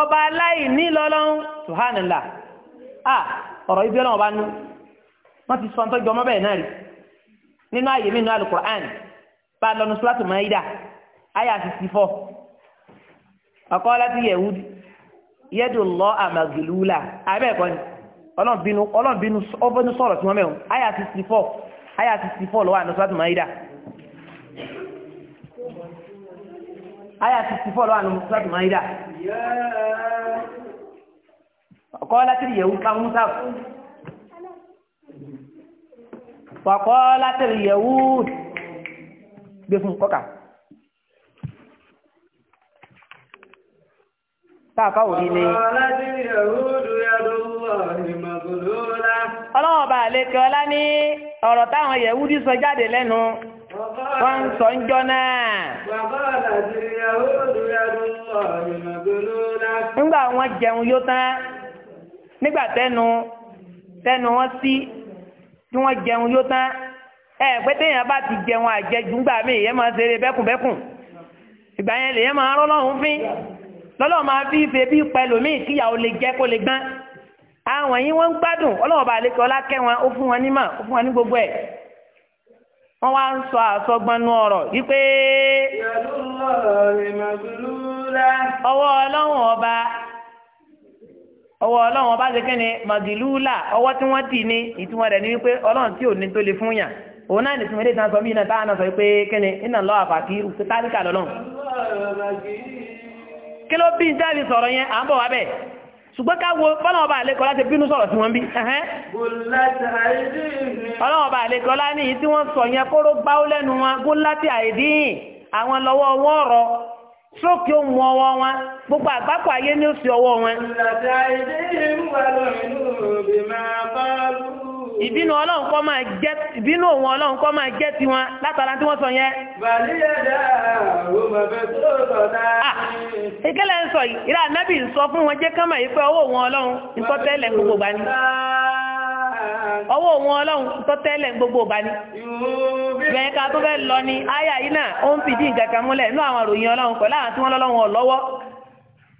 ọba aláìní lọ́lọ́run ṣùhánàlá à ọ̀rọ̀ ibi ọlọ́wọ́ bá nú wọ́n ti sọ tọ́jú ọmọ bẹ́ẹ̀ náà rí nínú ààyè mí nínú alukur'an bá a lọ́nu sùlátù maida àyà sixty four ọ̀kọ́ láti yẹ̀wúdi yẹ́dùn lọ́ àmàgìlúlà àbẹ́ẹ̀kọ́ ni ọlọ́bìnú ọlọ́bìnú ọbọ́nú sọ̀rọ̀ tí wọ́n mẹ́rin àyà 64 àyà 64 lọ́wọ́ àná sọ́tùmọ̀ ìdá àyà 64 lọ́wọ́ àná sọ́tùmọ̀ ìdá ọkọ̀ látìrì yẹ̀wù ká musa ọkọ̀ látìrì yẹ̀wù gbé fún kọ́kà táàkà òní ni. ọkọ̀ látìrì yẹ̀wù dùn yàdùn ọlọ́wọ́ bá àlékẹ́ ọlá ní ọ̀rọ̀ táwọn yẹ̀wúdí sọ jáde lẹ́nu wọ́n ń sọ ń jọ náà. nígbà wọn jẹun yó tán nígbà tẹnu tẹnu wọn sí tí wọn jẹun yó tán ẹ pé téèyàn bá ti jẹun àjẹjù ńgbà míì yẹn máa ṣeré bẹ́kùnbẹ́kùn ìgbà yẹn lèyẹn máa rọ́ lọ́hùn-ún fín lọ́lọ́ máa fi ṣe bí pẹ̀lú míì kíyàwó lè jẹ́ kó lè gbọ́n. àwọn yìí wọ́n ń gbádùn ọlọ́wọ́ bá lékè ọlá kẹ́ wọn ó fún wọn nímọ̀ ó fún wọn ní gbogbo ẹ̀ wọ́n wá ń sọ ọ̀rọ̀ ọwọ́ ọba ọwọ́ ọba ṣe ni ọwọ́ tí wọ́n ní ìtumọ̀ rẹ̀ ni wípé ọlọ́run tí ò ní tó le fún yàn òun náà sọ táwọn náà sọ wípé iná àfàkì ṣùgbọ́n ká wo bọ́lọ̀wọ́ bá àlékọ́ láti bínú sọ̀rọ̀ sí wọn bí ọlọ́wọ́ bá àlékọ́ láni tí wọ́n sọ yẹn kóró gbá ó lẹ́nu wọn gún láti àìdíyìn àwọn lọ́wọ́ wọn rọ sókè ohun ọwọ́ wọn gbogbo àgbákò ayé ní òsì ọwọ́ wọn. ìbínú ọlọ́run kọ́ máa jẹ́ ìbínú òun ọlọ́run kọ́ máa jẹ́ tiwọn látara tí wọ́n sọ yẹn. bàlíyàdá àwọn bàbá tó sọ náà. Ah, ìkẹlẹ ń sọ yìí ìrà nẹbì ń sọ fún wọn jẹ́ ká máa yí pé ọlọ́run nǹkan gbogbo ní. ọwọ́ òun nǹkan gbogbo gbà ní. bẹ́ẹ̀ ká tó lọ àyà yìí náà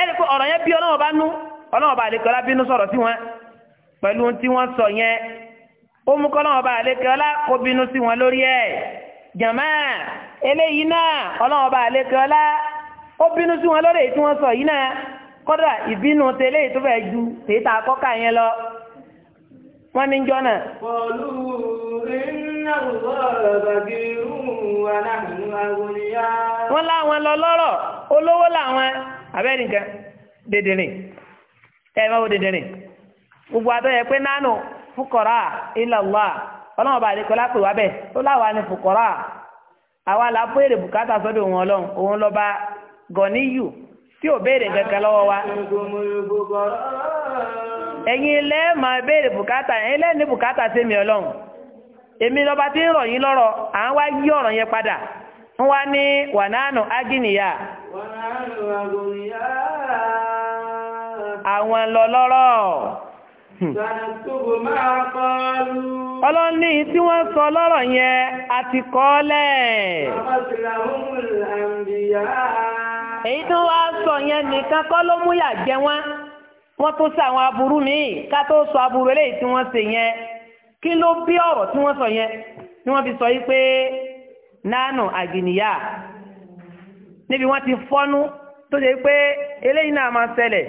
ẹni pé ọ̀rọ̀ yẹn bí ọlọ́wọ́ bá nú ọlọ́wọ́ bá àlekọ́lá bínú sọ̀rọ̀ sí wọn pẹ̀lú ohun tí wọ́n sọ yẹn ó mú kọ́lọ́wọ́ bá àlekọ́lá kó bínú sí wọn lórí ẹ̀ jàmá eléyìí náà ọlọ́wọ́ bá àlekọ́lá ó bínú sí wọn lórí èyí tí wọ́n sọ yìí náà kọ́dà ìbínú tó ju tèyí tá a kọ́ka yẹn lọ wọ́n ní jọ́ náà. pọ̀lú iná lọ́rọ̀ bàbí rúùn wà láàrin agbóníyá. wọ́n láwọn lọ lọ́rọ̀ olówó abẹ́rẹ́ nǹkan dèdèrìn ẹ máa wo dèdèrìn gbogbo abẹ́rẹ́ pé nánú fúkọ̀rá ìlàlá ọlọ́run bá àdékọ́lá pè wá bẹ́ẹ̀ ó láwa ni fúkọ̀rá àwa là ń béèrè bùkátà sọ́dọ̀ òun ọlọ́run tí ò béèrè kankan lọ́wọ́ wa. ẹ̀yin ilé máa béèrè bùkátà ẹ̀yin ilé ní bùkátà sí mi ọlọ́run èmi lọ́ba ń rọ̀ àwọn lọ lọ́rọ̀ ọlọ́ni tí wọ́n sọ lọ́rọ̀ yẹn a ti kọ́ lẹ̀ èyí tó wá sọ yẹn nìkan kọ́ ló múyà jẹ wọ́n wọ́n tó sí àwọn aburú míì ká tó sọ aburú eléyìí tí wọ́n ṣe yẹn kí ló bí ọ̀rọ̀ tí wọ́n sọ yẹn ni wọ́n fi sọ yí pé nánà àgìníyà níbi wọ́n ti fọ́nú tó ṣe pé eléyìí náà máa ṣẹlẹ̀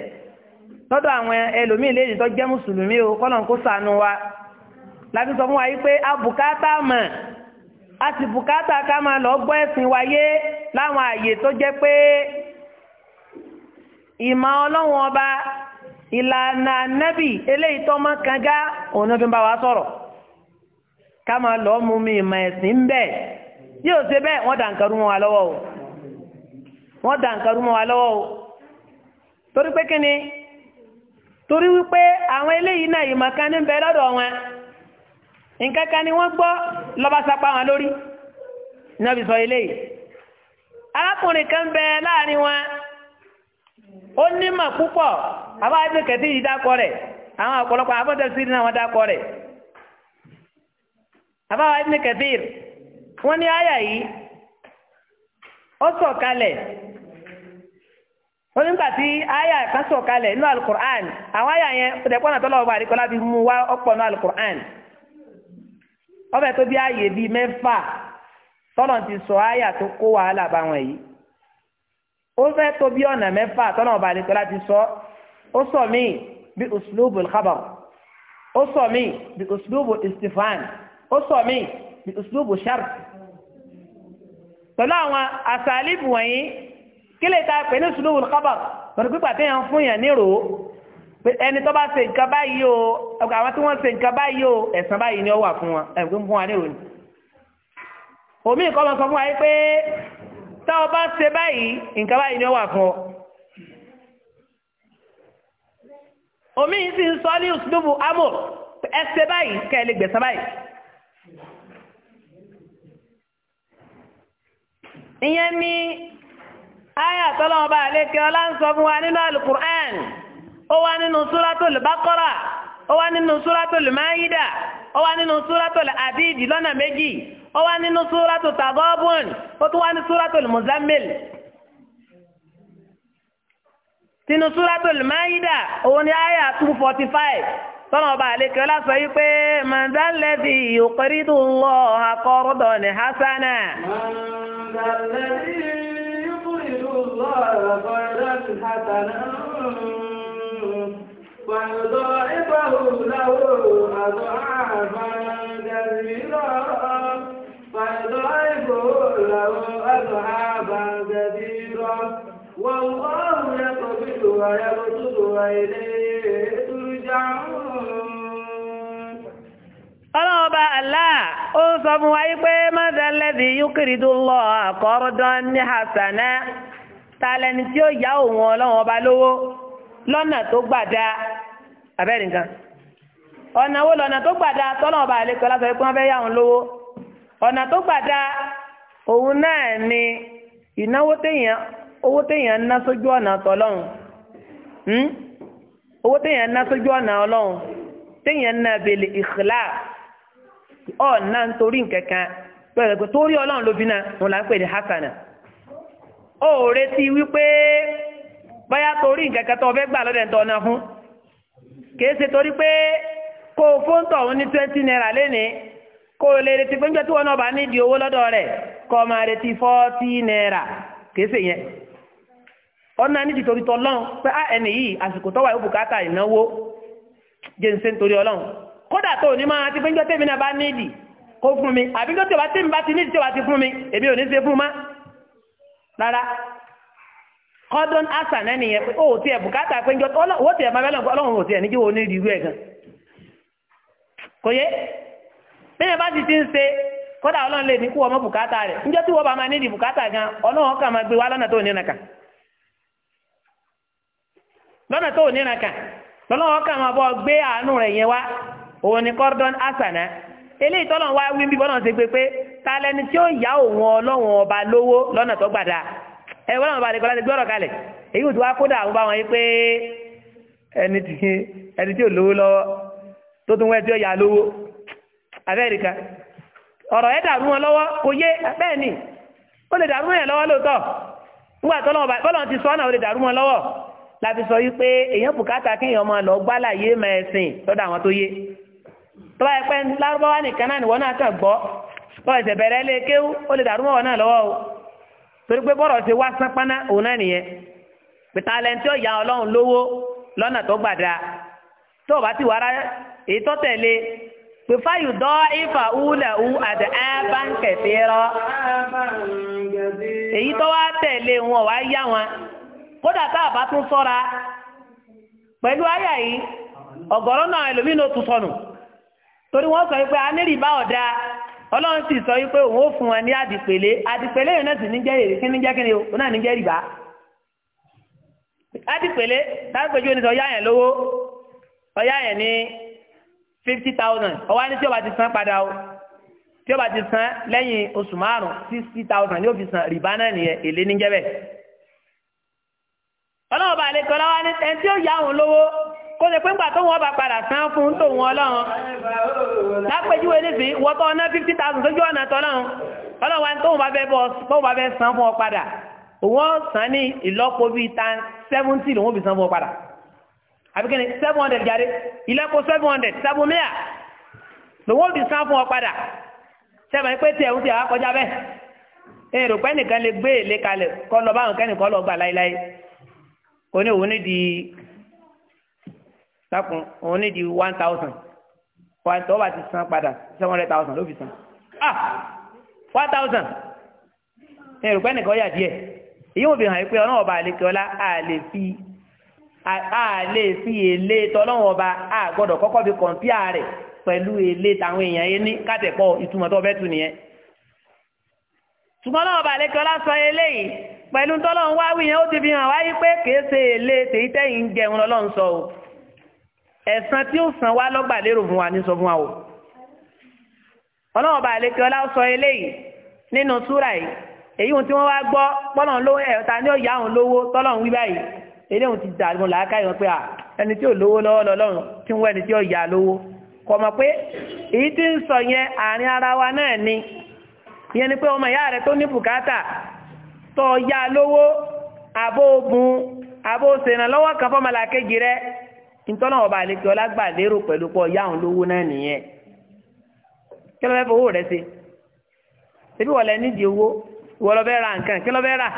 lọ́dọ̀ àwọn ẹlòmíì lè tó jẹ́ mùsùlùmí o kọ́nà kó sànú wa láti sọ fún wa yìí pé a bùkátà mọ̀ a sì bùkátà lọ gbọ́ ẹ̀sìn láwọn àyè tó jẹ́ pé ìmọ̀ ọba ìlànà nẹ́bì eléyìí tó kanga òun mi ìmọ̀ ẹ̀sìn yóò ṣe bẹ́ẹ̀ wọ́n dà ń wọ́n da nǹkan rú mọ́ wa lọ́wọ́ o torí pé kíni torí wípé àwọn eléyìí náà ìmọ̀ kan ní bẹ lọ́dọ̀ wọn nǹkan kan ni wọ́n gbọ́ lọ́ba sapá wọn lórí náà sọ eléyìí arákùnrin kan bẹ láàrin wọn ó nímọ̀ púpọ̀ yìí àwọn ọ̀pọ̀lọpọ̀ náà ní àyà wọ́n nígbà tí aya kan sọ̀ kalẹ̀ nínú alukur'an àwọn aya yẹn ọ̀dẹ̀kọ́nà tọ́lọ́ ọba àdìkọ́lá fi mú wá ọ̀pọ̀ nínú alukur'an ọbẹ̀ tó bí ààyè bíi mẹ́fà tọ́lọ̀ ti sọ àyà tó kó wàhálà bá wọn yìí ó fẹ́ tó bí ọ̀nà mẹ́fà tọ́lọ̀ ọba àlejò láti sọ ó sọ mí bí uslubul khabar ó sọ mí bí uslubul istifan ó sọ mí bí uslubul shart pẹ̀lú àwọn àsàlìbù wọ̀nyí kílẹ̀ ta pè ní sùlùwùn kọ́bọ̀ pẹ̀lú pípa tí yàn fún yàn nírò ẹni tó bá ṣe nǹkan báyìí o àwọn tí wọ́n ṣe nǹkan báyìí o ẹ̀san báyìí ni ó wà fún wọn ẹ̀gbẹ́ fún wa nírò ni. omi nǹkan lọ sọ fún wa yìí pé tá o bá se báyìí nǹkan báyìí ni ó wà fún ọ. omi yìí sì ń sọ ní sùlùwùn amò ẹ ṣe báyìí kẹ́ ẹ lè gbẹ̀san báyìí. ìyẹn ni. Aya tọ́lọ́wọ́ bá àlékè ọlá ń sọ fún wa nínú al Ó wá nínú Súratul Baqara. Ó wá nínú Súratul Maida. Ó wá nínú Súratul Adid lọ́nà méjì. Ó wá nínú Súratul Taghabun. Ó tún wá ní Súratul Muzammil. Tinú òun ni Aya 245 yìí pé ní hasana. الله قرضا حسنا فيضاعفه له أضعافا كثيرا فيضاعفه له أضعافا كثيرا والله يقبل ويبسط وإليه ترجعون ọlọ́ọ̀bá Allah ó sọ fún wa ní ta lẹni tí ó yá òun ọlọ́run ọba lówó lọ́nà tó gbàdá abẹ́rẹ́ nǹkan ọ̀nà wo lọ́nà tó gbàdá tọ́lọ́run ọba àlekọ́ láti ọ̀yẹ́ pé wọ́n fẹ́ yá òun lówó ọ̀nà tó gbàdá òun náà ni ìnáwó téèyàn owó téèyàn ń ná sójú ọ̀nà tọ́lọ́run hmm? owó téèyàn ń ná sójú ọ̀nà ọlọ́run téèyàn ń ná abèlè ọ̀nà pẹ̀lú torí ọlọ́run ló bí náà wọn là ń hasana. ó retí wípé torí tó fẹ́ gbà torí pé kó o ní twenty naira lénìí kó o lè retí pé tí wọn náà bá owó lọ́dọ̀ rẹ̀ kó o máa retí forty naira kìí yẹn ọ̀nà nídìí torí tọ́ pé á ah, ẹni yìí àsìkò tọ́wà bùkátà ìnáwó nítorí ọlọ́run kódà tó ní máa ti náà bá kó fún mi àbíjọ́ tí o bá bá ti rárá kọ́dún asa nẹ́ni yẹn pé ó oh, ti ẹ̀ bùkátà pé njọ́ ó ti ẹ̀ máa bẹ́lẹ̀ ọlọ́run ò ti ẹ̀ níjẹ́ wo ní ìrírú ẹ̀ gan kò yé bẹ́ẹ̀ bá ti ti ń ṣe ọlọ́run lè ní kú ọmọ bùkátà rẹ̀ njọ́ tí wọ́n bá máa ní ìdí bùkátà gan ọlọ́run kà máa gbé wá lọ́nà tó ní nàkà lọ́nà tó ní nàkà máa bọ́ gbé àánú rẹ̀ yẹn wá ta tí ó yá òun ọba lówó lọ́nà tó gbàdá ẹ wọ́n ọba ti gbọ́rọ̀ kalẹ̀ èyí ò wá kódà àwọn wọn pé ẹni tí ẹni tí ò lówó lọ́wọ́ tó tún wẹ́ tí ó yá lówó Amẹ́ríkà ọ̀rọ̀ ẹ̀ dàrú wọn lọ́wọ́ kò yé bẹ́ẹ̀ ni ó lè dàrú yẹn sọ ó lè dàrú wọn lọ́wọ́ láti sọ pé lọ gbálà yé mẹ́ẹ̀sìn lọ́dọ̀ àwọn tó yé tọ́ba ẹ̀pẹ́ lárúbáwá nìkan náà nìwọ náà kàn bọ́ ẹ̀sẹ̀ bẹ̀rẹ̀ lé kéwú ó lè dàrú mọ́wọ́ náà o torí pé bọ́rọ̀ si wá sánpáná òun náà nìyẹn pètè alẹ́ntì ọ̀yà ọlọ́run lówó lọ́nà tó gbàdá tó o bá ti wàrà èyí tó tẹ̀lé pé fáyù dọ́ ifá wúlẹ̀ wú àti ẹ́bánkẹ̀ fi rọ́ èyí tó wá tẹ̀lé wọn wá yá wọn kódà tá a bá tún sọ́ra pẹ̀lú àyà yìí náà ẹlòmínú ọlọ́run sì sọ wípé òun ó fún wọn ní àdìpèlé àdìpèlé yìí náà sì ní jẹ́ èrè kí ní jẹ́ kí ni o náà ní jẹ́ rìbá àdìpèlé lágbèjú ni sọ yáyàn lówó ọyáyàn ní fifty thousand ọwọ́ ní tí o bá ti san padà o tí o bá ti san lẹ́yìn oṣù márùn-ún sixty thousand yóò fi san rìbá náà nìyẹn èlé ní jẹ́ bẹ́ẹ̀ ọlọ́run bá lè kọ́ lọ́wọ́ ẹni tí ó yá òun lówó kó ṣe pé ńgbà tó wọ́n bá padà san fún tó wọn ọlọ́run lápẹjúwe nísìn wọ́n tọ́ ọ̀nà fifty thousand tó jẹ́ ọ̀nà tọ́lọ́run ọlọ́run wa ní tóun bá fẹ́ bọ́ tóun bá fẹ́ san fún ọ padà òun san ní ìlọ́po bíi tan seventy lòun fi san fún ọ padà àbíkẹ́ni seven hundred jáde ìlọ́po seven hundred sábò mẹ́à lòun fi san fún ọ padà sẹ́wọ̀n pé tiẹ̀ ń tiẹ̀ wá kọjá bẹ́ẹ̀ èrò pẹ́ nìkan lè gbé èlé kalẹ̀ kọ́ lọ báwọn kẹ́nìkan lọ gbà láéláé kò ní òun ní dákun òun ní di one thousand one tó bá ti san padà seven hundred thousand ló fi san ah one thousand ẹ rò pé nìkan yà díẹ̀ èyí wọn fi hàn pé ọlọ́wọ́n ọba àlekè ọlá a lè fi a lè fi èlé tọ́lọ́wọ́n ọba a gbọ́dọ̀ kọ́kọ́ fi kọ̀ǹpíà rẹ̀ pẹ̀lú èlé táwọn èèyàn yẹn ní kátẹ̀kọ́ ìtumọ̀ tó bẹ́ẹ̀ tù nìyẹn ṣùgbọ́n ọlọ́wọ́n ọba àlekè ọlá sọ eléyìí pẹ̀lú tọ́lọ́wọ́n wáwí yẹn ó ti fi hàn wáyé pé kèé ṣe èlé tèyítẹ́yìn jẹun lọ́lọ́run sọ o ẹ̀san tí ó san wá lọ́gbà lérò fún wa ní sọ fún wa o ọlọ́wọ́n bá àlekè ọlá sọ eléyìí nínú súrà yìí èyí ohun tí wọ́n wá gbọ́ pọ́nà lówó ẹ̀ta ni ó yá òun lówó tọ́lọ̀ ń wí báyìí eléyìí ti dà mọ́ làákà yìí wọ́n pé ẹni tí ò lówó lọ́wọ́ lọ́lọ́run tí wọ́n ẹni tí ó yá lówó kò mọ̀ pé èyí tí ń sọ yẹn àárín ara wa náà ni ìyẹn ni pé ọmọ ìyá rẹ tó ní bùkátà tó yá lówó àbó ogun àbó ṣèrànlọ́wọ́ kan fọ́mọlàkejì rẹ ntọ́nà ọba àlejò ọlágbà lérò pẹ̀lú pọ̀ yá òun lówó náà nìyẹn kí ló fẹ́ fowó rẹ ṣe ṣebí wọlé nídìí owó ìwọ lọ fẹ́ ra nǹkan kí ló fẹ́ rà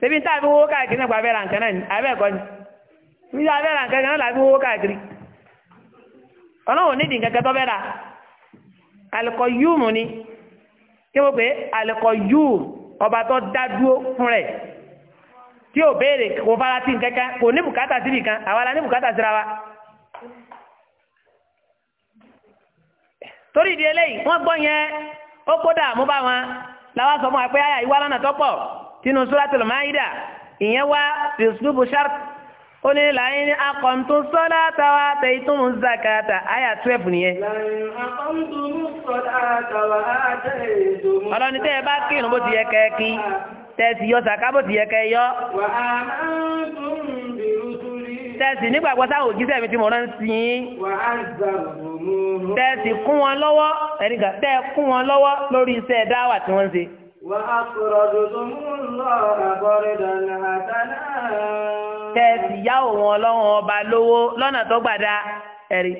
ṣebí níta àbí owó káàkiri nípa fẹ́ ra nǹkan náà ni àbẹ́ ẹ̀kọ́ ni níta fẹ́ ra nǹkan náà làbí owó káàkiri ọlọ́run nídìí nǹkan kẹtọ́ fẹ́ rà àlùkò yúùmù ni kí wọ́n pè é àlùkò yúùmù ọba tó dá dúró fún rẹ̀ tí ó béèrè kò fara tí nkankan kò ní bùkátà sí nìkan àwa la ní bùkátà wa. torí ìdí eléyìí wọ́n gbọ́ yẹn ó bá wọn làwọn sọ fún ìwà lọ́nà tọ́pọ̀ tínú Suratul Maida ìyẹn wá fìsúbù sharp ó ní láyé ní akọ̀ǹtò sọ́lá tàwa àyà twelve nìyẹn. ọlọ́ni tẹ́ ẹ tẹ́sì yọ sàkábò ti yẹ kẹ́ yọ. tẹ́sì nígbàgbọ́ sáwọn òjíṣẹ́ mi tí mo rán sí yín. tẹ́sì kún wọn lọ́wọ́ ẹ̀ríkà tẹ́ kún wọn lọ́wọ́ lórí iṣẹ́ dáwà tí wọ́n ń ṣe. tẹ́sì yáwò wọn lọ́wọ́ ọba lówó lọ́nà tó gbàdá ẹ̀rí.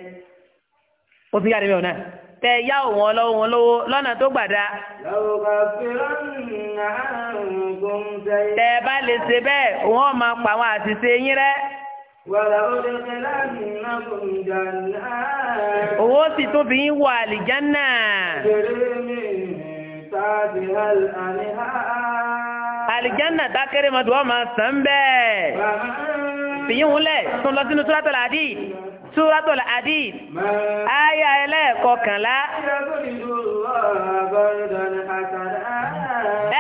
ó ti yára mi ò tẹ yá òun ọlọ́wọ́ wọn lọ́nà tó gbàdá. tẹ bá lè ṣe bẹ́ẹ̀ òun ọ̀ máa pa àwọn àṣìṣe yín owó sì tún yín wọ àlìjánà. àlìjánà dákẹ́rẹ́ mọ́tò ọ̀ máa sàn Súrátọ̀lá Adid, Aya ẹlẹ́ẹ̀kọkànlá.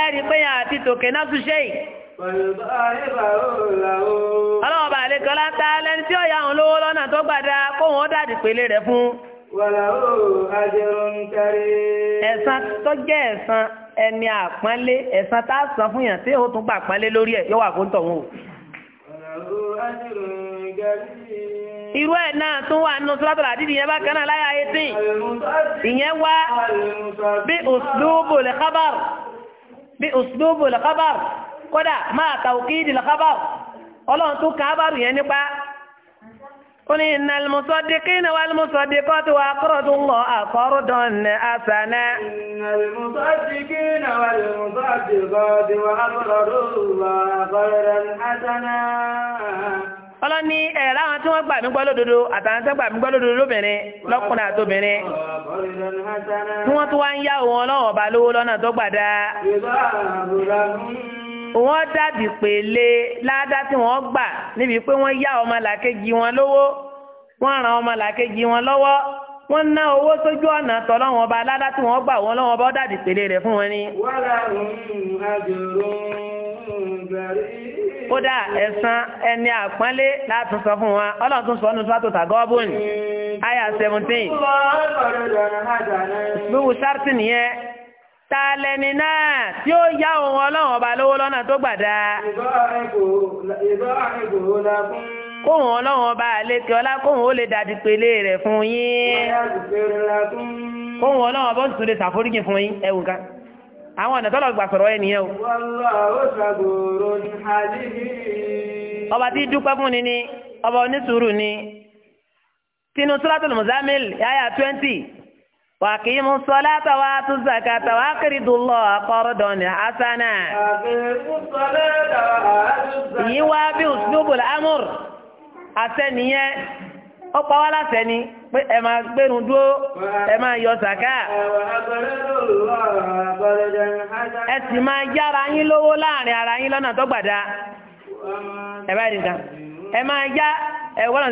Ẹ̀rí pé yàn àti tòkè náà tún ṣe yìí. Ọlọ́ọ̀bà àlekọ́ látà lẹ́ni tí ó yà ń lówó lọ́nà tó gbàdá kó wọ́n dàdì pèlè rẹ̀ fún. Ẹ̀san tó jẹ́ ẹ̀san ẹni àpọ́nlé, ẹ̀san tá a san fún yàn tí ó tún gbà lórí ẹ̀ yóò wà fún tọ̀hún o irú ẹ̀ náà tún wà nínú sọ́látọ̀ àdídì yẹn bá kanáà láyà ayétí ìyẹn wá bí òsìlúbò lè kábàr bí òsìlúbò lè kábàr kódà máa tàwùkìdì lè kábàr ọlọ́run tún kábàr yẹn nípa ó ní iná lùmùsọ́díkì ní wà lùmùsọ́díkọ́ tó wà kúrò lọ àkọ́rọ̀dọ̀ ní àṣánà. iná lùmùsọ́díkì ní wà lùmùsọ́díkọ́ tó wà kúrò lọ àkọ́rọ̀dọ̀ àṣánà ọlọ́ni ẹ̀ láwọn tí wọ́n gbà mí gbọ́ lódodo àtàwọn tó gbà mí gbọ́ lódodo lóbìnrin lọ́kùnrin àtòbìnrin tí wọ́n tún wá ń yá òun ọlọ́wọ̀n ọba lówó lọ́nà tó gbà dá wọ́n dàbí pèlè ládá tí wọ́n gbà níbi pé wọ́n yá ọmọ làkejì wọn lówó wọ́n ràn ọmọ làkejì wọn lọ́wọ́ wọ́n ná owó sójú ọ̀nà tọ́lọ́wọ́n ọba ládá tí wọ́n gbà wọ́n lọ́wọ́ ọba dàbí pèlè rẹ̀ fún wọn ni. wọ́n rà ń àjòrò ń gbàrí kódà ẹ̀san ẹni àpọ́nlé láti sọ fún wa ọlọ́run tún sọ ọ́nù tó àtòtà gọ́ọ̀bùn àyà 17 gbogbo sártì nìyẹn ta lẹni náà tí ó yá òun ọlọ́run ọba lówó lọ́nà tó gbàdá kóhun ọlọ́run ọba àlékè ọlá kóhun ó lè dàdí pèlè rẹ̀ fún yín kóhun ọlọ́run ọba ó sì tún lè ṣàforíjì fún yín ẹ̀wù kan àwọn ọ̀nà tọ́lọ̀ gbà sọ̀rọ̀ ẹnìyẹn o. ọba tí dúpẹ́ fún ni ni ọba onísùúrù ni tinu suratul muzamil yáyà twenty wàkìmù sọláta wa tu zakata wa akérèdùlọ akọrọdọni hasana. yìí wá bí usubul amúr àṣẹ nìyẹn. ọ wa láṣẹ ni ẹ máa gbẹ́nu dúró ẹ máa yọ sàká. ẹ sì máa yára yín lówó láàrin ara yín lọ́nà tó gbàdá. ẹ bá nìkan ẹ máa yá ẹ wọ́n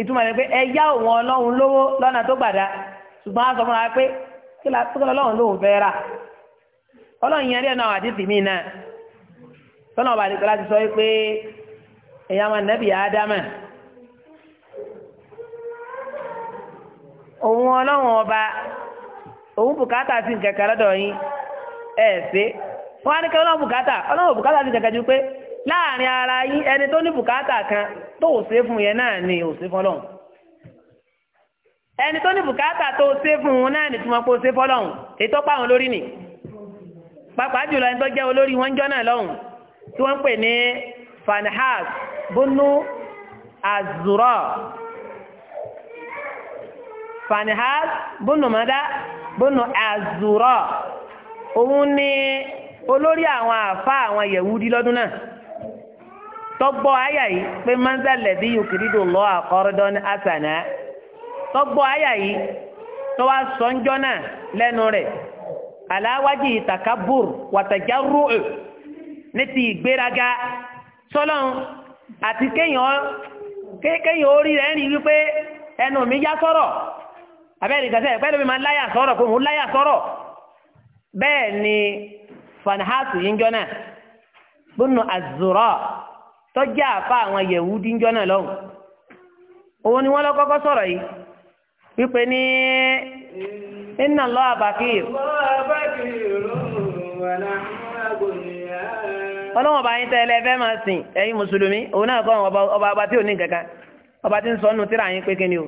ìtumọ̀ pé ẹ yá òun ọlọ́run lówó lọ́nà tó la tó kọ́ lóun fẹ́ rà ọlọ́run yẹn ọba àdìgbò láti sọ pé òun ọlọ́run ọba òun bùkátà sí nǹkan kan lọ́dọ̀ yín ẹ̀ ṣe wọ́n á ní kí ọlọ́run bùkátà ọlọ́run bùkátà sí nǹkan kan ju pé láàrin ara yín ẹni tó ní bùkátà kan tó ò ṣe fún yẹn náà ni ò ṣe fọlọ́run ẹni tó ní bùkátà tó ṣe fún un náà ni tí wọ́n kó ṣe fọlọ́run ètò pàwọn lórí nì pàápàá jùlọ ẹni tó jẹ́ olórí wọn jọ́ náà lọ́hùn tí wọ́n pè ní fanhas bunu azura Fanihas bónú mọ́dá bónú azura òun ni olórí àwọn àfa àwọn yẹ̀wúdí lọ́dún náà tọ́gbọ́ àyà yìí pé mọ́nsálẹ̀ bí yòókìrìdò lọ́ àkọ́rọ́dọ́ ní àsànà tọ́gbọ́ àyà yìí tọ́wá sọ́njọ́ náà lẹ́nu rẹ̀ aláwájì takabur wàtàjárò ní ti ìgbéraga sọ́lọ́n àti kéèyàn orí rẹ̀ ń rí wípé ẹnu mi yá sọ̀rọ̀ abẹ́rẹ́ ìgbàsẹ́ pẹ́lú mi máa ń láyà sọ̀rọ̀ kó mo láyà sọ̀rọ̀ bẹ́ẹ̀ ni fanahatu yìí ń jọ náà gbónú azura tọ́jú àfa àwọn yẹ̀wúdí ń jọ náà ni wọ́n lọ kọ́kọ́ sọ̀rọ̀ yìí wípé ní inna Allah bakir ọlọ́wọ́n ọba yín tẹ́lẹ̀ fẹ́ máa sìn ẹ̀yin mùsùlùmí òun náà kọ́ ọba ọba tí ò ní kankan ọba tí ń sọ tíra yín pé kí ni o.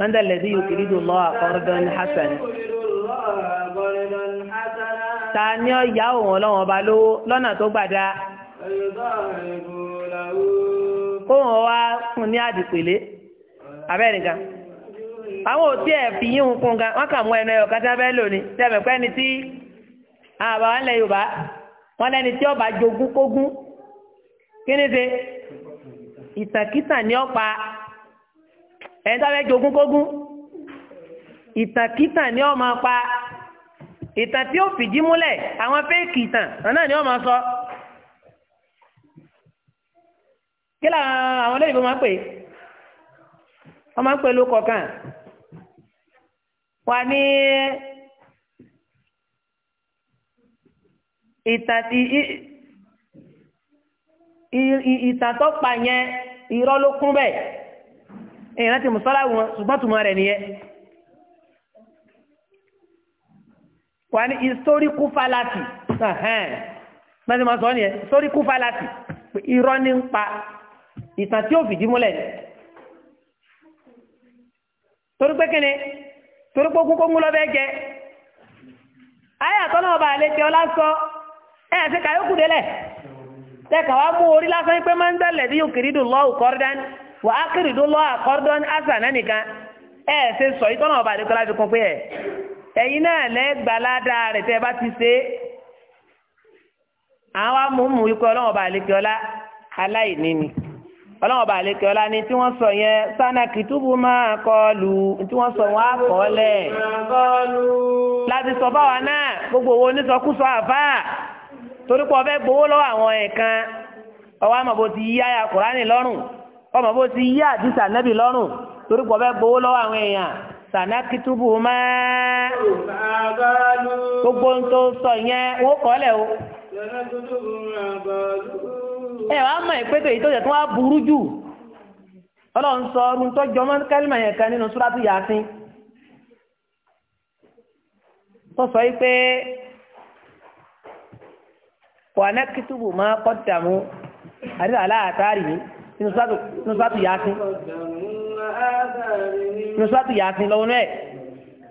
من ذا الذي يريد الله قرضا حسنا ta ni ó yá لنا lọ́wọ́n ba lówó lọ́nà tó gbàdá kóhùn wá fún ní àdìpèlé abẹ́nìga àwọn òtí ẹ̀ fi yíhun kún gan wọ́n kà mú ẹnu ẹ̀yọ̀ kátà bẹ́ẹ̀ lónìí tẹ̀mẹ̀ pẹ́ ni tí àbá wọn lẹ Yorùbá wọn lẹni tí ọba jogún kógún kí ni ṣe ìtàkìtà ni ó ẹni tá a fẹ́ jogún kógún ìtàkìtàn ni ó máa pa ìtàn tí ó fìdí múlẹ̀ àwọn fẹ́ẹ̀kì ìtàn náà ni ó máa sọ. kí làwọn àwọn olóyìnbó máa ń pè wọ́n máa ń pè lóko kan wà ní ìtàn tí ìtàn tó pa yẹn irọ́ ló kún bẹ́ẹ̀ èyàn láti mùsọ́lá wọn ṣùgbọ́n tùmọ̀ rẹ̀ nìyẹn wà ní historical fallacy bẹ́ẹ̀ ni mo sọ nìyẹn historical fallacy irọ́ ní ń pa ìtàn tí ó fìdí múlẹ̀ ni torí pé kíni torí pé kókó ńlọ bẹ́ẹ̀ jẹ ayé àtọ́nà ọba àlejò ọlá sọ ẹ̀ ẹ̀ ṣe kàyókù délẹ̀ tẹ̀ kà wá mú orí lásán pé máa ń gbẹ̀lẹ̀ bí yóò kiri dùn lọ́wọ́ wà á kiri tó lọ àkọ́dọ́ àṣànà ẹ ṣe sọ yìí tọ́nà ọba àdékọ́ láti kún pé ẹ ẹ̀yin náà lẹ rẹ̀ tẹ́ ẹ bá ti ṣe àwọn amúhùnmù ikú ọlọ́wọ́n ọba àlékẹ́ ala aláìní ni ọlọ́wọ́n ọba àlékẹ́ ni tí wọ́n sọ yẹn sanaki túbú máa kọ lù tí wọ́n sọ wọn àkọ́ láti gbogbo owó onísọkúsọ torí pé ọbẹ̀ gbowó lọ́wọ́ àwọn ọwọ́ ọmọ bó ti yí àdìsá nẹ́bì lọ́rùn torí pọ̀ fẹ́ gbowó lọ́wọ́ àwọn èèyàn sànà kìtùbù máa gbogbo ń tó sọ yẹn wọ́n kọ́ lẹ̀ o. ẹ wàá mọ̀ ìpẹ́tọ̀ èyí tó yẹ kí wọ́n á burú jù ọlọ́run sọ ọdún tó jọmọ́ kẹ́lìmọ̀ yẹn kan nínú súrátù yàásín tó sọ yìí pé wà ná kìtùbù máa kọ́ tàmú àdìsá aláàtárì yìí nusratu yasin nusratu yasin lọ́wọ́ náà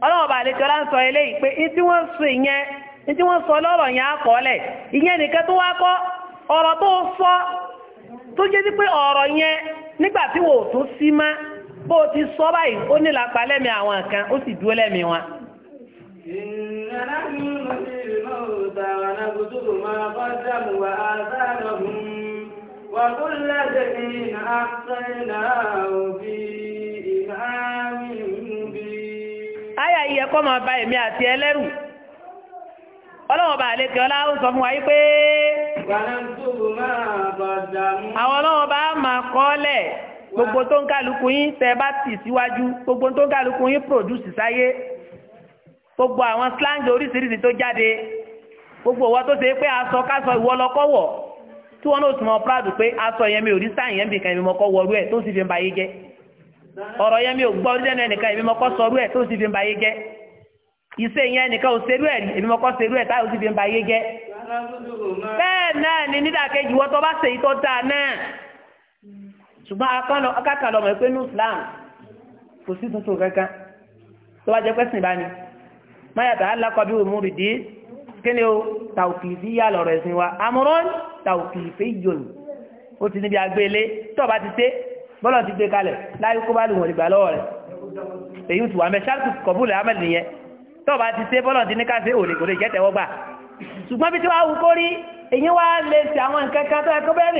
ọlọ́wọ́ bá àlejò ọlá ń sọ eléyìí pé ní tí wọ́n sọ ìyẹn ní tí wọ́n sọ lọ́rọ̀ yẹn àkọọ́lẹ̀ ìyẹn nìkan tó wá kọ́ ọ̀rọ̀ tó sọ tó jẹ́ pé ọ̀rọ̀ yẹn nígbà tí wò tó sí má bó ti sọ báyìí ó ní lápá lẹ́mìí àwọn kan ó sì dúró lẹ́mìí wọn. ìnáná ń lọ sí ìmọ̀ òòtà wà náà kó tó وكل شيء أحصيناه في إمام مبين آية yẹ kó máa bá èmi àti ẹlẹ́rù ọlọ́wọ́ bá lè kí ọlá sọ fún wa yí pé àwọn ọlọ́wọ́ bá máa kọ́lẹ̀ gbogbo tó ń kálukú yín tẹ́ bá tì síwájú gbogbo tó ń kálukú yín produce sáyé gbogbo àwọn slang oríṣiríṣi tó jáde gbogbo ọwọ́ tó ṣe pé aṣọ tí wọ́n náà tún mọ́ proud pé aṣọ yẹn mi ò rí sáà yẹn bìkan ìbí mọ́kọ́ wọrú ẹ̀ tó sì fi ń ba ayé jẹ́ ọ̀rọ̀ yẹn mi ò gbọ́ lẹ́nu ẹnìkan ìbí mọ́kọ́ sọrú ẹ̀ tó sì fi ń ba ayé jẹ́ ìṣe yẹn ẹnìkan ò serú ẹ̀ ìbí mọ́kọ́ serú ẹ̀ táyọ̀ sì fi ń ba ayé jẹ́ bẹ́ẹ̀ náà ni nídàkejì wọ́n tó bá ṣe ìtọ́ dáa náà ṣùgbọ́n akákàlọ́ mọ̀ pé ní Islam kò sí tuntun kankan tó bá jẹ́ pẹ́sìn bá ní kíni o tàwùkìfì yà lọ́rọ̀ ẹ̀sìn wa amúrán tàwùkìfì yòn ó ti níbi agbélé tọ́ba ti tẹ́ bọ́lọ̀ ti gbé kalẹ̀ láyé kó bá lù wọ́n ìgbà lọ́wọ́ rẹ̀ èyí tù wà mẹ́ ṣáàtù kọ̀bùlù amẹ́lì nìyẹn tọ́ba ti tẹ́ bọ́lọ̀ ti ní káfí òní kò lè jẹ́ tẹ́wọ́ gbà ṣùgbọ́n bí tí wàá wù kó rí èyí wá lè ṣe àwọn nǹkan kan tó yẹ kó bẹ́ẹ̀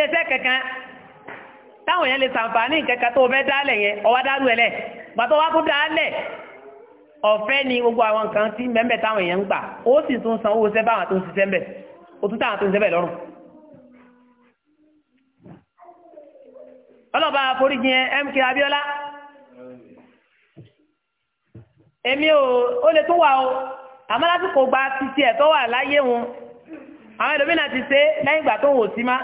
nìkan táwọn yẹn lè sàǹfààní ìkẹ́kẹ́ tó fẹ́ dálẹ̀ yẹn ọwá dárú ẹlẹ̀ gbàtọ́ wá kú dálẹ̀ ọ̀fẹ́ ni gbogbo àwọn nǹkan tí mẹ́mbẹ̀ táwọn èèyàn ń gbà ó sì tún san owó sẹ́bà àwọn tó ń ṣiṣẹ́ mbẹ̀ ó táwọn tó ń ṣiṣẹ́ lọ́rùn. ọlọ́ba àforíjì yẹn MK Abíọ́lá èmi ò ó lè tún wà o àmọ́ lásìkò gba títí ẹ̀ tó wà láyé wọn àwọn ẹlòmínà ti ṣe lẹ́yìn ìgbà tó wò sí máa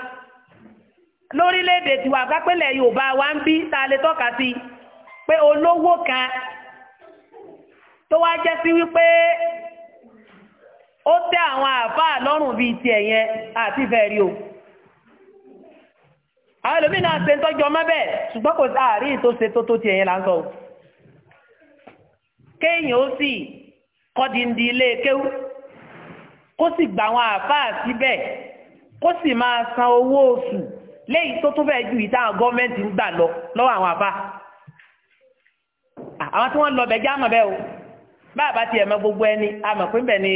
lórílẹ̀‐èdè tiwa kápẹ́lẹ̀ yorùbá wa ń bí ta lè tọ́ka sí pé olówó kan tó wá jẹ́ sí wípé ó tẹ́ àwọn àáfàá lọ́rùn bíi tiẹ̀ yẹn àti ìfẹ́ o àwọn ẹlòmíràn ṣe ń tọ́jú ọmọ ṣùgbọ́n kò sáàárín tó ṣe tó tó tiẹ̀ yẹn là ń sọ o kéèyàn ó sì kọ́dìndín ilé kéwú kó sì gbà àwọn àáfàá síbẹ̀ kó sì máa san owó oṣù léyìí tó tún fẹ́ẹ́ ju yìí táwọn ń gbà lọ lọ́wọ́ àwọn àbá àwọn tí wọ́n lọ bẹ̀ já mọ̀ bẹ́ẹ̀ o bá bá tiẹ̀ mọ gbogbo ẹni a pé ń ni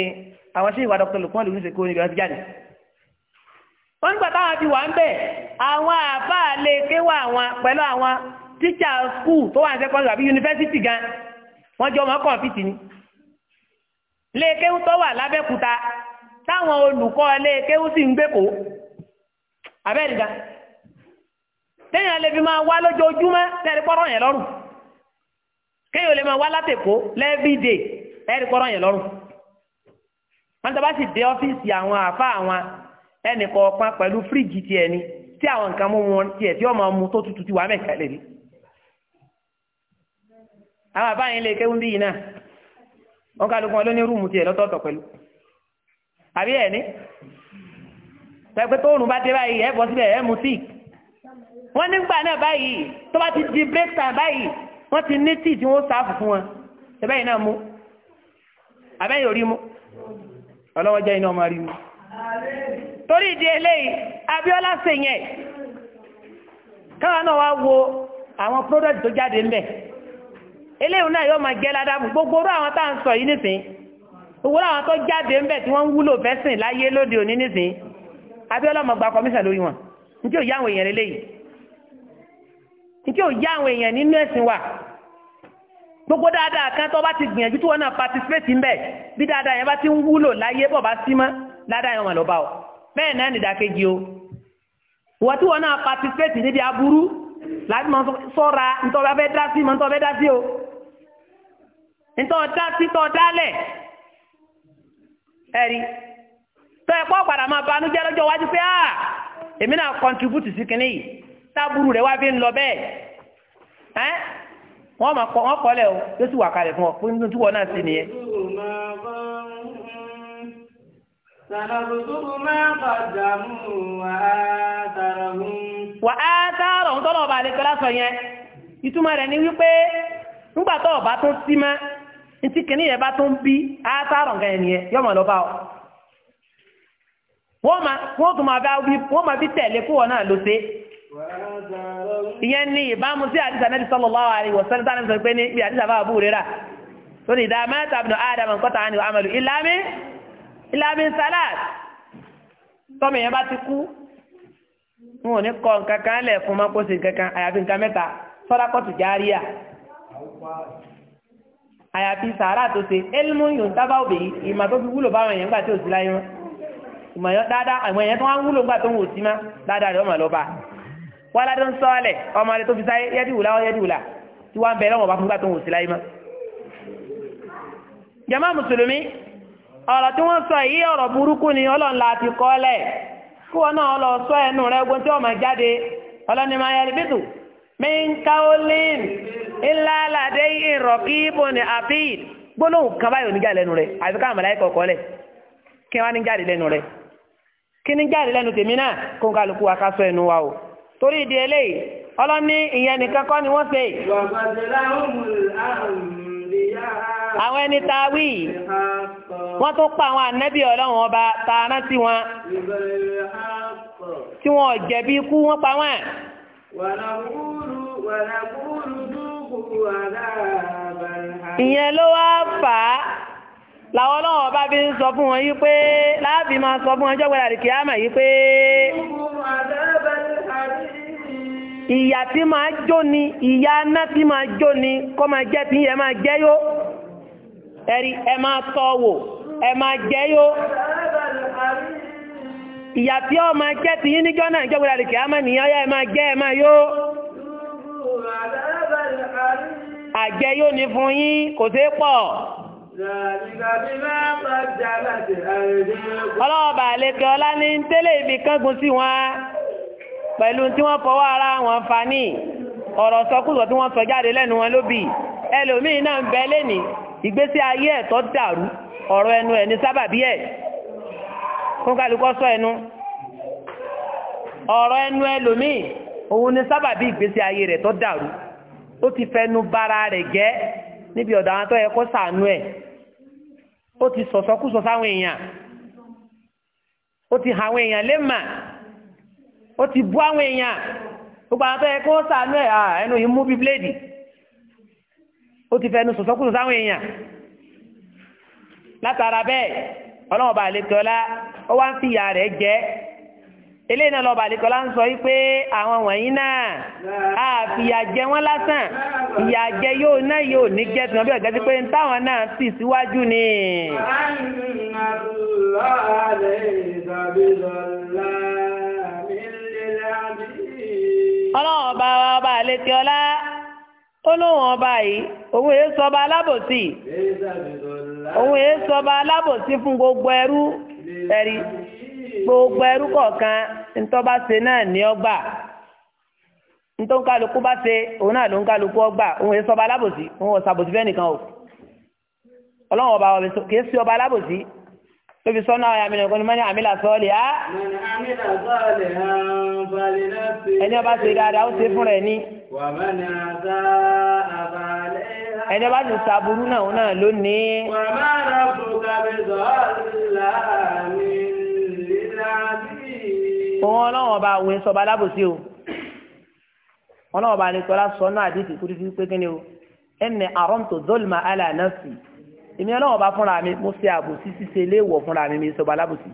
àwọn ṣé ìwà dr lukman lùmí ṣèkó níbi ọtí jáde wọ́n nígbà táwọn ti wà ń bẹ̀ àwọn àbá lè kéwà àwọn pẹ̀lú àwọn tíṣà skul tó wà ní sẹ́kọ́ndì àbí yunifásitì gan wọ́n jọ mọ́ kọ̀ǹfìtì ni léèkéwú tó wà lábẹ́kúta táwọn olùkọ́ léèkéwú sì ń gbé kó abẹ́rìndà téèyàn lè fi máa wá lójoojúmọ́ tẹ́rì pọ́rọ̀ yẹn lọ́rùn kéèyàn lè máa wá látẹ̀kọ́ lẹ́bídè tẹ́rì pọ́rọ̀ yẹn lọ́rùn wọ́n tó bá sì dé ọ́fíìsì àwọn àfa àwọn ẹnì kọ̀ọ̀kan pẹ̀lú fíríjì tiẹ̀ ni tí àwọn nǹkan mú wọn tiẹ̀ tí wọ́n máa mu tó tutù ti wà mẹ́ta lè rí àwọn àbá yẹn lè kéwú bí yìí náà wọ́n kálukú wọn ló rúùmù wọ́n nígbà náà báyìí tó bá ti di break time báyìí wọ́n ti ní tíì tí wọ́n sáàfù fún wọn ṣẹbẹ́yìn náà mú àbẹ́yìn orí mú ọlọ́wọ́ jẹ́ iná ọmọ rí mú torí ìdí eléyìí Abíọ́lá ṣe yẹn káwa náà wá wo àwọn product tó jáde ń bẹ̀ eléyìí náà yóò máa jẹ́ ládàbù gbogbo orú àwọn tá à ń sọ yìí nísìnyí gbogbo orú àwọn tó jáde ń bẹ̀ tí wọ́n ń wúlò fẹ́sìn láyé lóde òní nísìnyí Abíọ́lá ọmọ gba kọmíṣà lórí wọn ní tí ò yá àwọn èèyàn eléyìí nítí ò yá àwọn èèyàn nínú ẹ̀sìn wa gbogbo dáadáa kan tó bá ti gbìyànjú tí wọn náà participate ń bẹ bí dáadáa yẹn bá ti ń wúlò láyé bọ̀ bá sí mọ́ dáadáa yẹn wọn lọ bá ọ bẹ́ẹ̀ náà nìdákejì o wọ́n tí wọn náà participate níbi aburú láti mọ sọ́ra ntọ́ba fẹ́ dá sí mọ ntọ́ fẹ́ dá sí o ntọ́ dá sí tọ́ dálẹ̀ ẹ̀rí tọ́ ẹ̀kọ́ padà máa banújẹ́ lọ́jọ́ wájú pé ah èmi náà contribute sí kinní yìí. tábùrù rẹ̀ wá fi ń lọ bẹ́ẹ̀ ẹ́ wọ́n máa kọ́ wọ́n kọ́lẹ̀ o yóò sì wà kalẹ̀ fún ọ fún inú tí wọ́n náà sì nìyẹn. wà á tààrọ̀ ń tọ́lọ̀ ọba àlekọ́lá sọ yẹn ìtumọ̀ rẹ̀ ni wípé nígbà tó ọba tó sí mọ́ ntí kìnìún yẹn bá tó ń bí á tààrọ̀ nǹkan yẹn nìyẹn yọ̀mọ̀ lọ́ba ọ wọ́n máa wọ́n tún máa bí tẹ̀lé fún ọ náà ló ṣe ìyẹn ní ìbámu sí àdìsá náà sallallahu alaihi wasallam tánà sọ pé ní ibi àdìsá bá bú rírà tó ní ìdámẹ́ tàbí adam nǹkọ́ta àni amalu ìlàmí ìlàmí salad tọ́mọ yẹn bá ti kú wọn ò ní kọ́ nǹkan kan lẹ̀ fún mọ́kósì nǹkan kan àyàfi nǹkan mẹ́ta sọ́dákọ́tù járíà àyàfi sàárà tó ṣe elmu yòó dábàá obìnrin ìmọ̀ tó fi wúlò báwọn èèyàn gbà tí ò sí láyé wọn ìmọ̀ yẹn dáadáa àwọn èèyàn tó wá wúlò gbà tó ń wò sí má dáadáa rẹ̀ ọmọ lọ́ba wọ́n aládùn sọ́ọ̀lẹ̀ ọmọ rẹ̀ tó fi sáyé yẹ́dì wùlá yẹ́dì wùlá tí wọ́n bẹ̀rẹ̀ wọn bá fún gbàtún òsì láyé mọ́. jama mùsùlùmí ọ̀rọ̀ tí wọ́n sọ yìí ọ̀rọ̀ burúkú ni ọlọ́run la ti kọ́ lẹ̀ kí wọn náà lọ sọ ẹnu rẹ ogun tí wọ́n máa jáde ọlọ́ni máa yẹri bítù minkaolin ńláladé ìrọ̀kíbò ní àfíìd gbólóhùn kan báyìí oníjà lẹ́nu rẹ̀ àfi káwọn mọ̀láyé kọ̀ọ̀kọ́ lẹ̀ kí wọ́n á ní jáde lẹ́nu rẹ̀ kí ní jáde lẹ́nu tèmi náà kó ń kálukú wa ká sọ ẹnu wa o torí ìdí eléyìí ọlọ́ní ìyẹn nìkan kọ́ ni wọ́n ṣe àwọn ẹni tàwí wọ́n tó pa àwọn ànẹ́bí ọlọ́run ọba tààrán sí wọn tí wọ́n jẹ̀bi ikú wọ́n pa wọ́n ìyẹn ló wá fà á làwọn ọlọ́run ọba bí ń sọ fún wọn yí pé láàbí máa sọ fún ọjọ́ gbẹ́dàdì kìí àmà yí pé ìyá tí máa jó ni ìyá aná tí máa jó ni kọ́ máa jẹ́ tí ẹ ẹ máa ẹ máa jẹ́ yó ìyá tí ọ máa jẹ́ tí níjọ́ náà jẹ́ wúlò àdìkì àmọ́ ọyá ẹ máa jẹ́ ẹ máa yó àjẹ́ yóò ní fún yín kò sí pọ̀. ọlọ́ọ̀bà pẹ̀lú tí wọ́n fọwọ́ ara wọn fa ní ọ̀rọ̀ sọkúsọ tí wọ́n sọ jáde lẹ́nu wọn lóbi ẹlòmíì náà ń bẹ lẹ́ni ìgbésí ayé ẹ̀tọ́ dàrú ọ̀rọ̀ ẹnu ẹ̀ ní sábàbí ẹ̀ fún kálukọ́ sọ ẹnu ọ̀rọ̀ ẹnu ẹlòmíì òun ní sábàbí ìgbésí ayé rẹ̀ tó dàrú ó ti fẹnu bara rẹ̀ gẹ́ níbi ọ̀dọ̀ àwọn tó yẹ kó ṣàánú ẹ̀ ó ti sọ̀sọ́kúsọ sáwọn èèyàn ó ti hàwọn èèyàn lé mà ó ti bú àwọn èèyàn gbogbo àwọn tó yẹ kó sànú ẹ̀ ẹnu yìí mú bí bíléèdì ó ti fẹnu sọ̀sọ́kùnù sáwọn èèyàn látara bẹ́ẹ̀ ọlọ́wọ́n bá ó wá ń fìyà rẹ̀ jẹ́ eléyìí náà lọ́ba àlejò ń sọ yí pé àwọn wọ̀nyí náà a fìyà jẹ wọ́n lásán ìyà jẹ yóò náà yóò ní jẹ́ tí wọ́n bí ọ̀gá sí pé ń táwọn náà sì síwájú ni. àìsàn àlè ìdàbí ọlọ́run ọba wa ọba àlétí ọlá ó lóun ọba yìí òun èé sọba alábòsí òun èé sọba alábòsí fún gbogbo ẹrú ẹ̀rí gbogbo ẹrú kọ̀ọ̀kan ntọ́ba ṣe náà ní ọgbà ntọ́nkálukú bá ṣe òun náà ló ń ọgbà òun èé sọba alábòsí òun ò fẹ́ nìkan o ọlọ́run ọba kìí sí ọba alábòsí lóbi sọ́nà àwọn àmì ẹ̀kọ́ ni mọ́ ní àmìlà sọ́ọ̀lì á ẹni ọba ṣe dáadáa ó ṣe fún rẹ̀ ní ẹni ọba ṣe sàbúrú náà náà lónìí òun ọlọ́wọ̀n ọba àwọn ìṣọba alábòsí o ọlọ́wọ̀n ọba àlekọ́lá sọ́nà àdìsí kúrú sí pé kí ni o ẹni àrọ́mtò zolma ala nafsi èmi ọlọ́wọ́ bá fúnra mi mo ṣe àbòsí ṣíṣe léèwọ̀ fúnra mi mi sọba alábòsí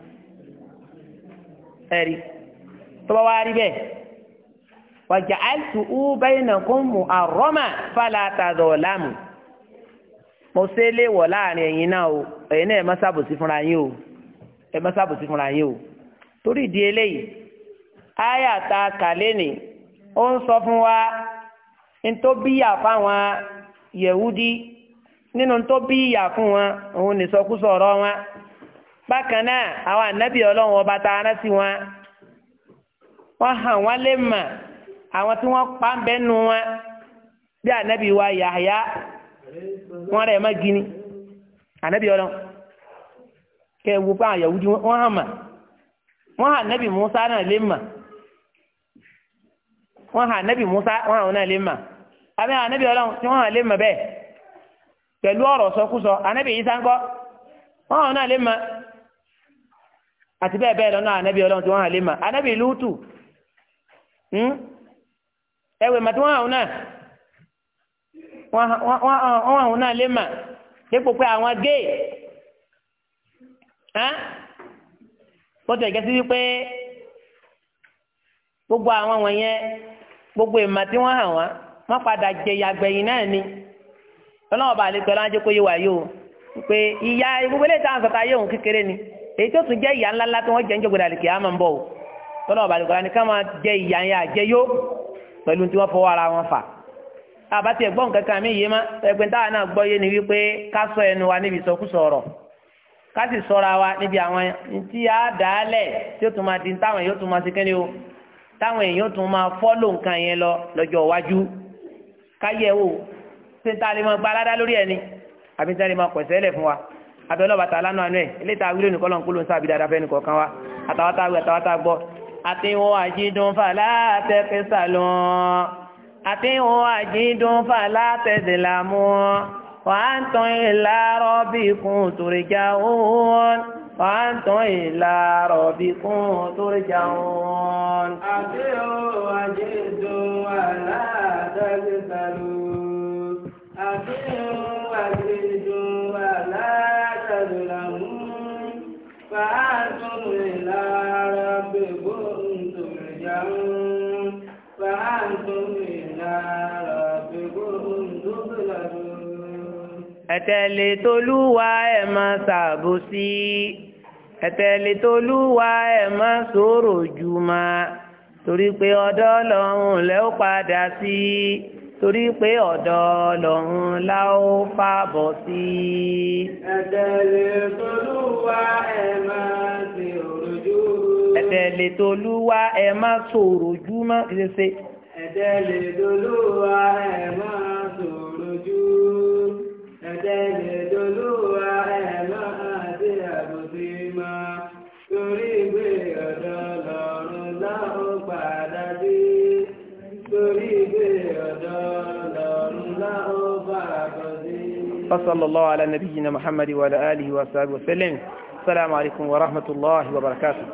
ẹ̀rí tọ́ba wa rí bẹ́ẹ̀ wàjà àìsù ú bẹ́yìn náà kó mu àrọ́mà fàlà àtàdọ̀ láàmù mo ṣe léèwọ̀ láàrin ẹ̀yin náà o ẹ̀yin náà ẹ̀ má ṣàbòsí fúnra yín o ẹ̀ má ṣàbòsí fúnra yín o torí ìdí eléyìí áyà ta kàlẹ́ ni ó ń sọ fún wa ń tó bíyà fáwọn yẹ̀wúdí. nínú tó bí ìyà fún wọn òun ní sọkúsọ ọ̀rọ̀ wọn bákan náà àwọn ànábì ọlọ́run ọba tá a sí wọn wọ́n hàn lè mà àwọn tí wa má gini ànábì ọlọ́run kẹ wo fún àwọn Yahudi hàn mà Musa náà lè mà hàn Musa na hàn náà lè mà àbí ànábì pẹ̀lú ọ̀rọ̀ sọkúsọ ànábì yìí sáńkọ́ wọn náà lè ma àti bẹ́ẹ̀ bẹ́ẹ̀ lọ́nà ànábì ọlọ́run tí wọ́n hàn lè ma anabi lútù hmm? wọ́n hàn náà wọ́n hàn náà lè ma dípò pé àwọn géè ó tẹ̀ gẹ́sí wípé gbogbo àwọn wọ̀nyẹn gbogbo ìmọ̀ tí hàn wọ́n ọlọ́wọ́n bá lè tọ́lá jẹ́ kó yé wa yóò pé ìyá gbogbo eléyìí táwọn sọ̀tà yé ni èyí tó tún jẹ́ ìyá ńláńlá tí wọ́n jẹ́ ń o bá lè ni ká máa jẹ ìyá yẹn àjẹ yó pẹ̀lú tí wọ́n fọwọ́ ara wọn fà àbátí ẹ̀gbọ́n kankan mi yé ma ẹgbẹ́ táwa náà gbọ́ yé ni wípé ká sọ ẹnu wa níbi ìsọkúsọ ọ̀rọ̀ ká sì wa níbi àwọn a dà á lẹ̀ tí ó tún máa di táwọn èèyàn tún máa ṣe kẹ́ni o táwọn èèyàn tún máa fọ́lò nǹkan yẹn lọ lọ́jọ́ iwájú ká wò ṣé ta lè mọ gba aládá lórí ẹni àbí ta lè mọ pẹ̀sẹ̀ lẹ̀ fún wa àbí ọlọ́ba ta lánàá nù ẹ̀ eléta awílò nìkan lọ́n kó ló ń sábì dáadáa fẹ́ni kọ̀ọ̀kan wa àtàwátá wí àtàwátá gbọ́ àtiwọn àjídùn fàlà àtẹ̀kẹsà lọ́n àtiwọn àjídùn fàlà àtẹ̀dẹ̀làmú وأنتم إلى ربكم ترجعون وأنتم إلى ربكم ترجعون أطيعوا وجدوا ولا تبتلوا أقيموا وزيدوا ولا تظلمون فأنتم إلى ربكم ترجعون فأنتم إلى ربكم تظلمون أتلي تلوى ما سابسي ẹ̀tẹ̀lẹ̀ tó lúwa ẹ̀ má sọ̀rọ̀ jù máa torí pé ọ̀dọ̀ Ọlọ́run lẹ́ ó padà sí i torí pé ọ̀dọ̀ lọ́run láó fàbọ̀ sí ẹ̀tẹ̀lẹ̀ tolúwa ẹ má ṣòrojú ẹ̀tẹ̀lẹ̀ tolúwa ẹ má ṣòrojú mọ́ ìṣẹ́ṣe ẹ̀tẹ̀lẹ̀ tolúwa ẹ má ṣòrojú ẹ̀tẹ̀lẹ̀ tolúwa ẹ má ṣe àbòsí mọ́ torí pé ọ̀dọ̀ lọ́run láó padà sí. وصلى الله على نبينا محمد وعلى آله وصحبه وسلم السلام عليكم ورحمة الله وبركاته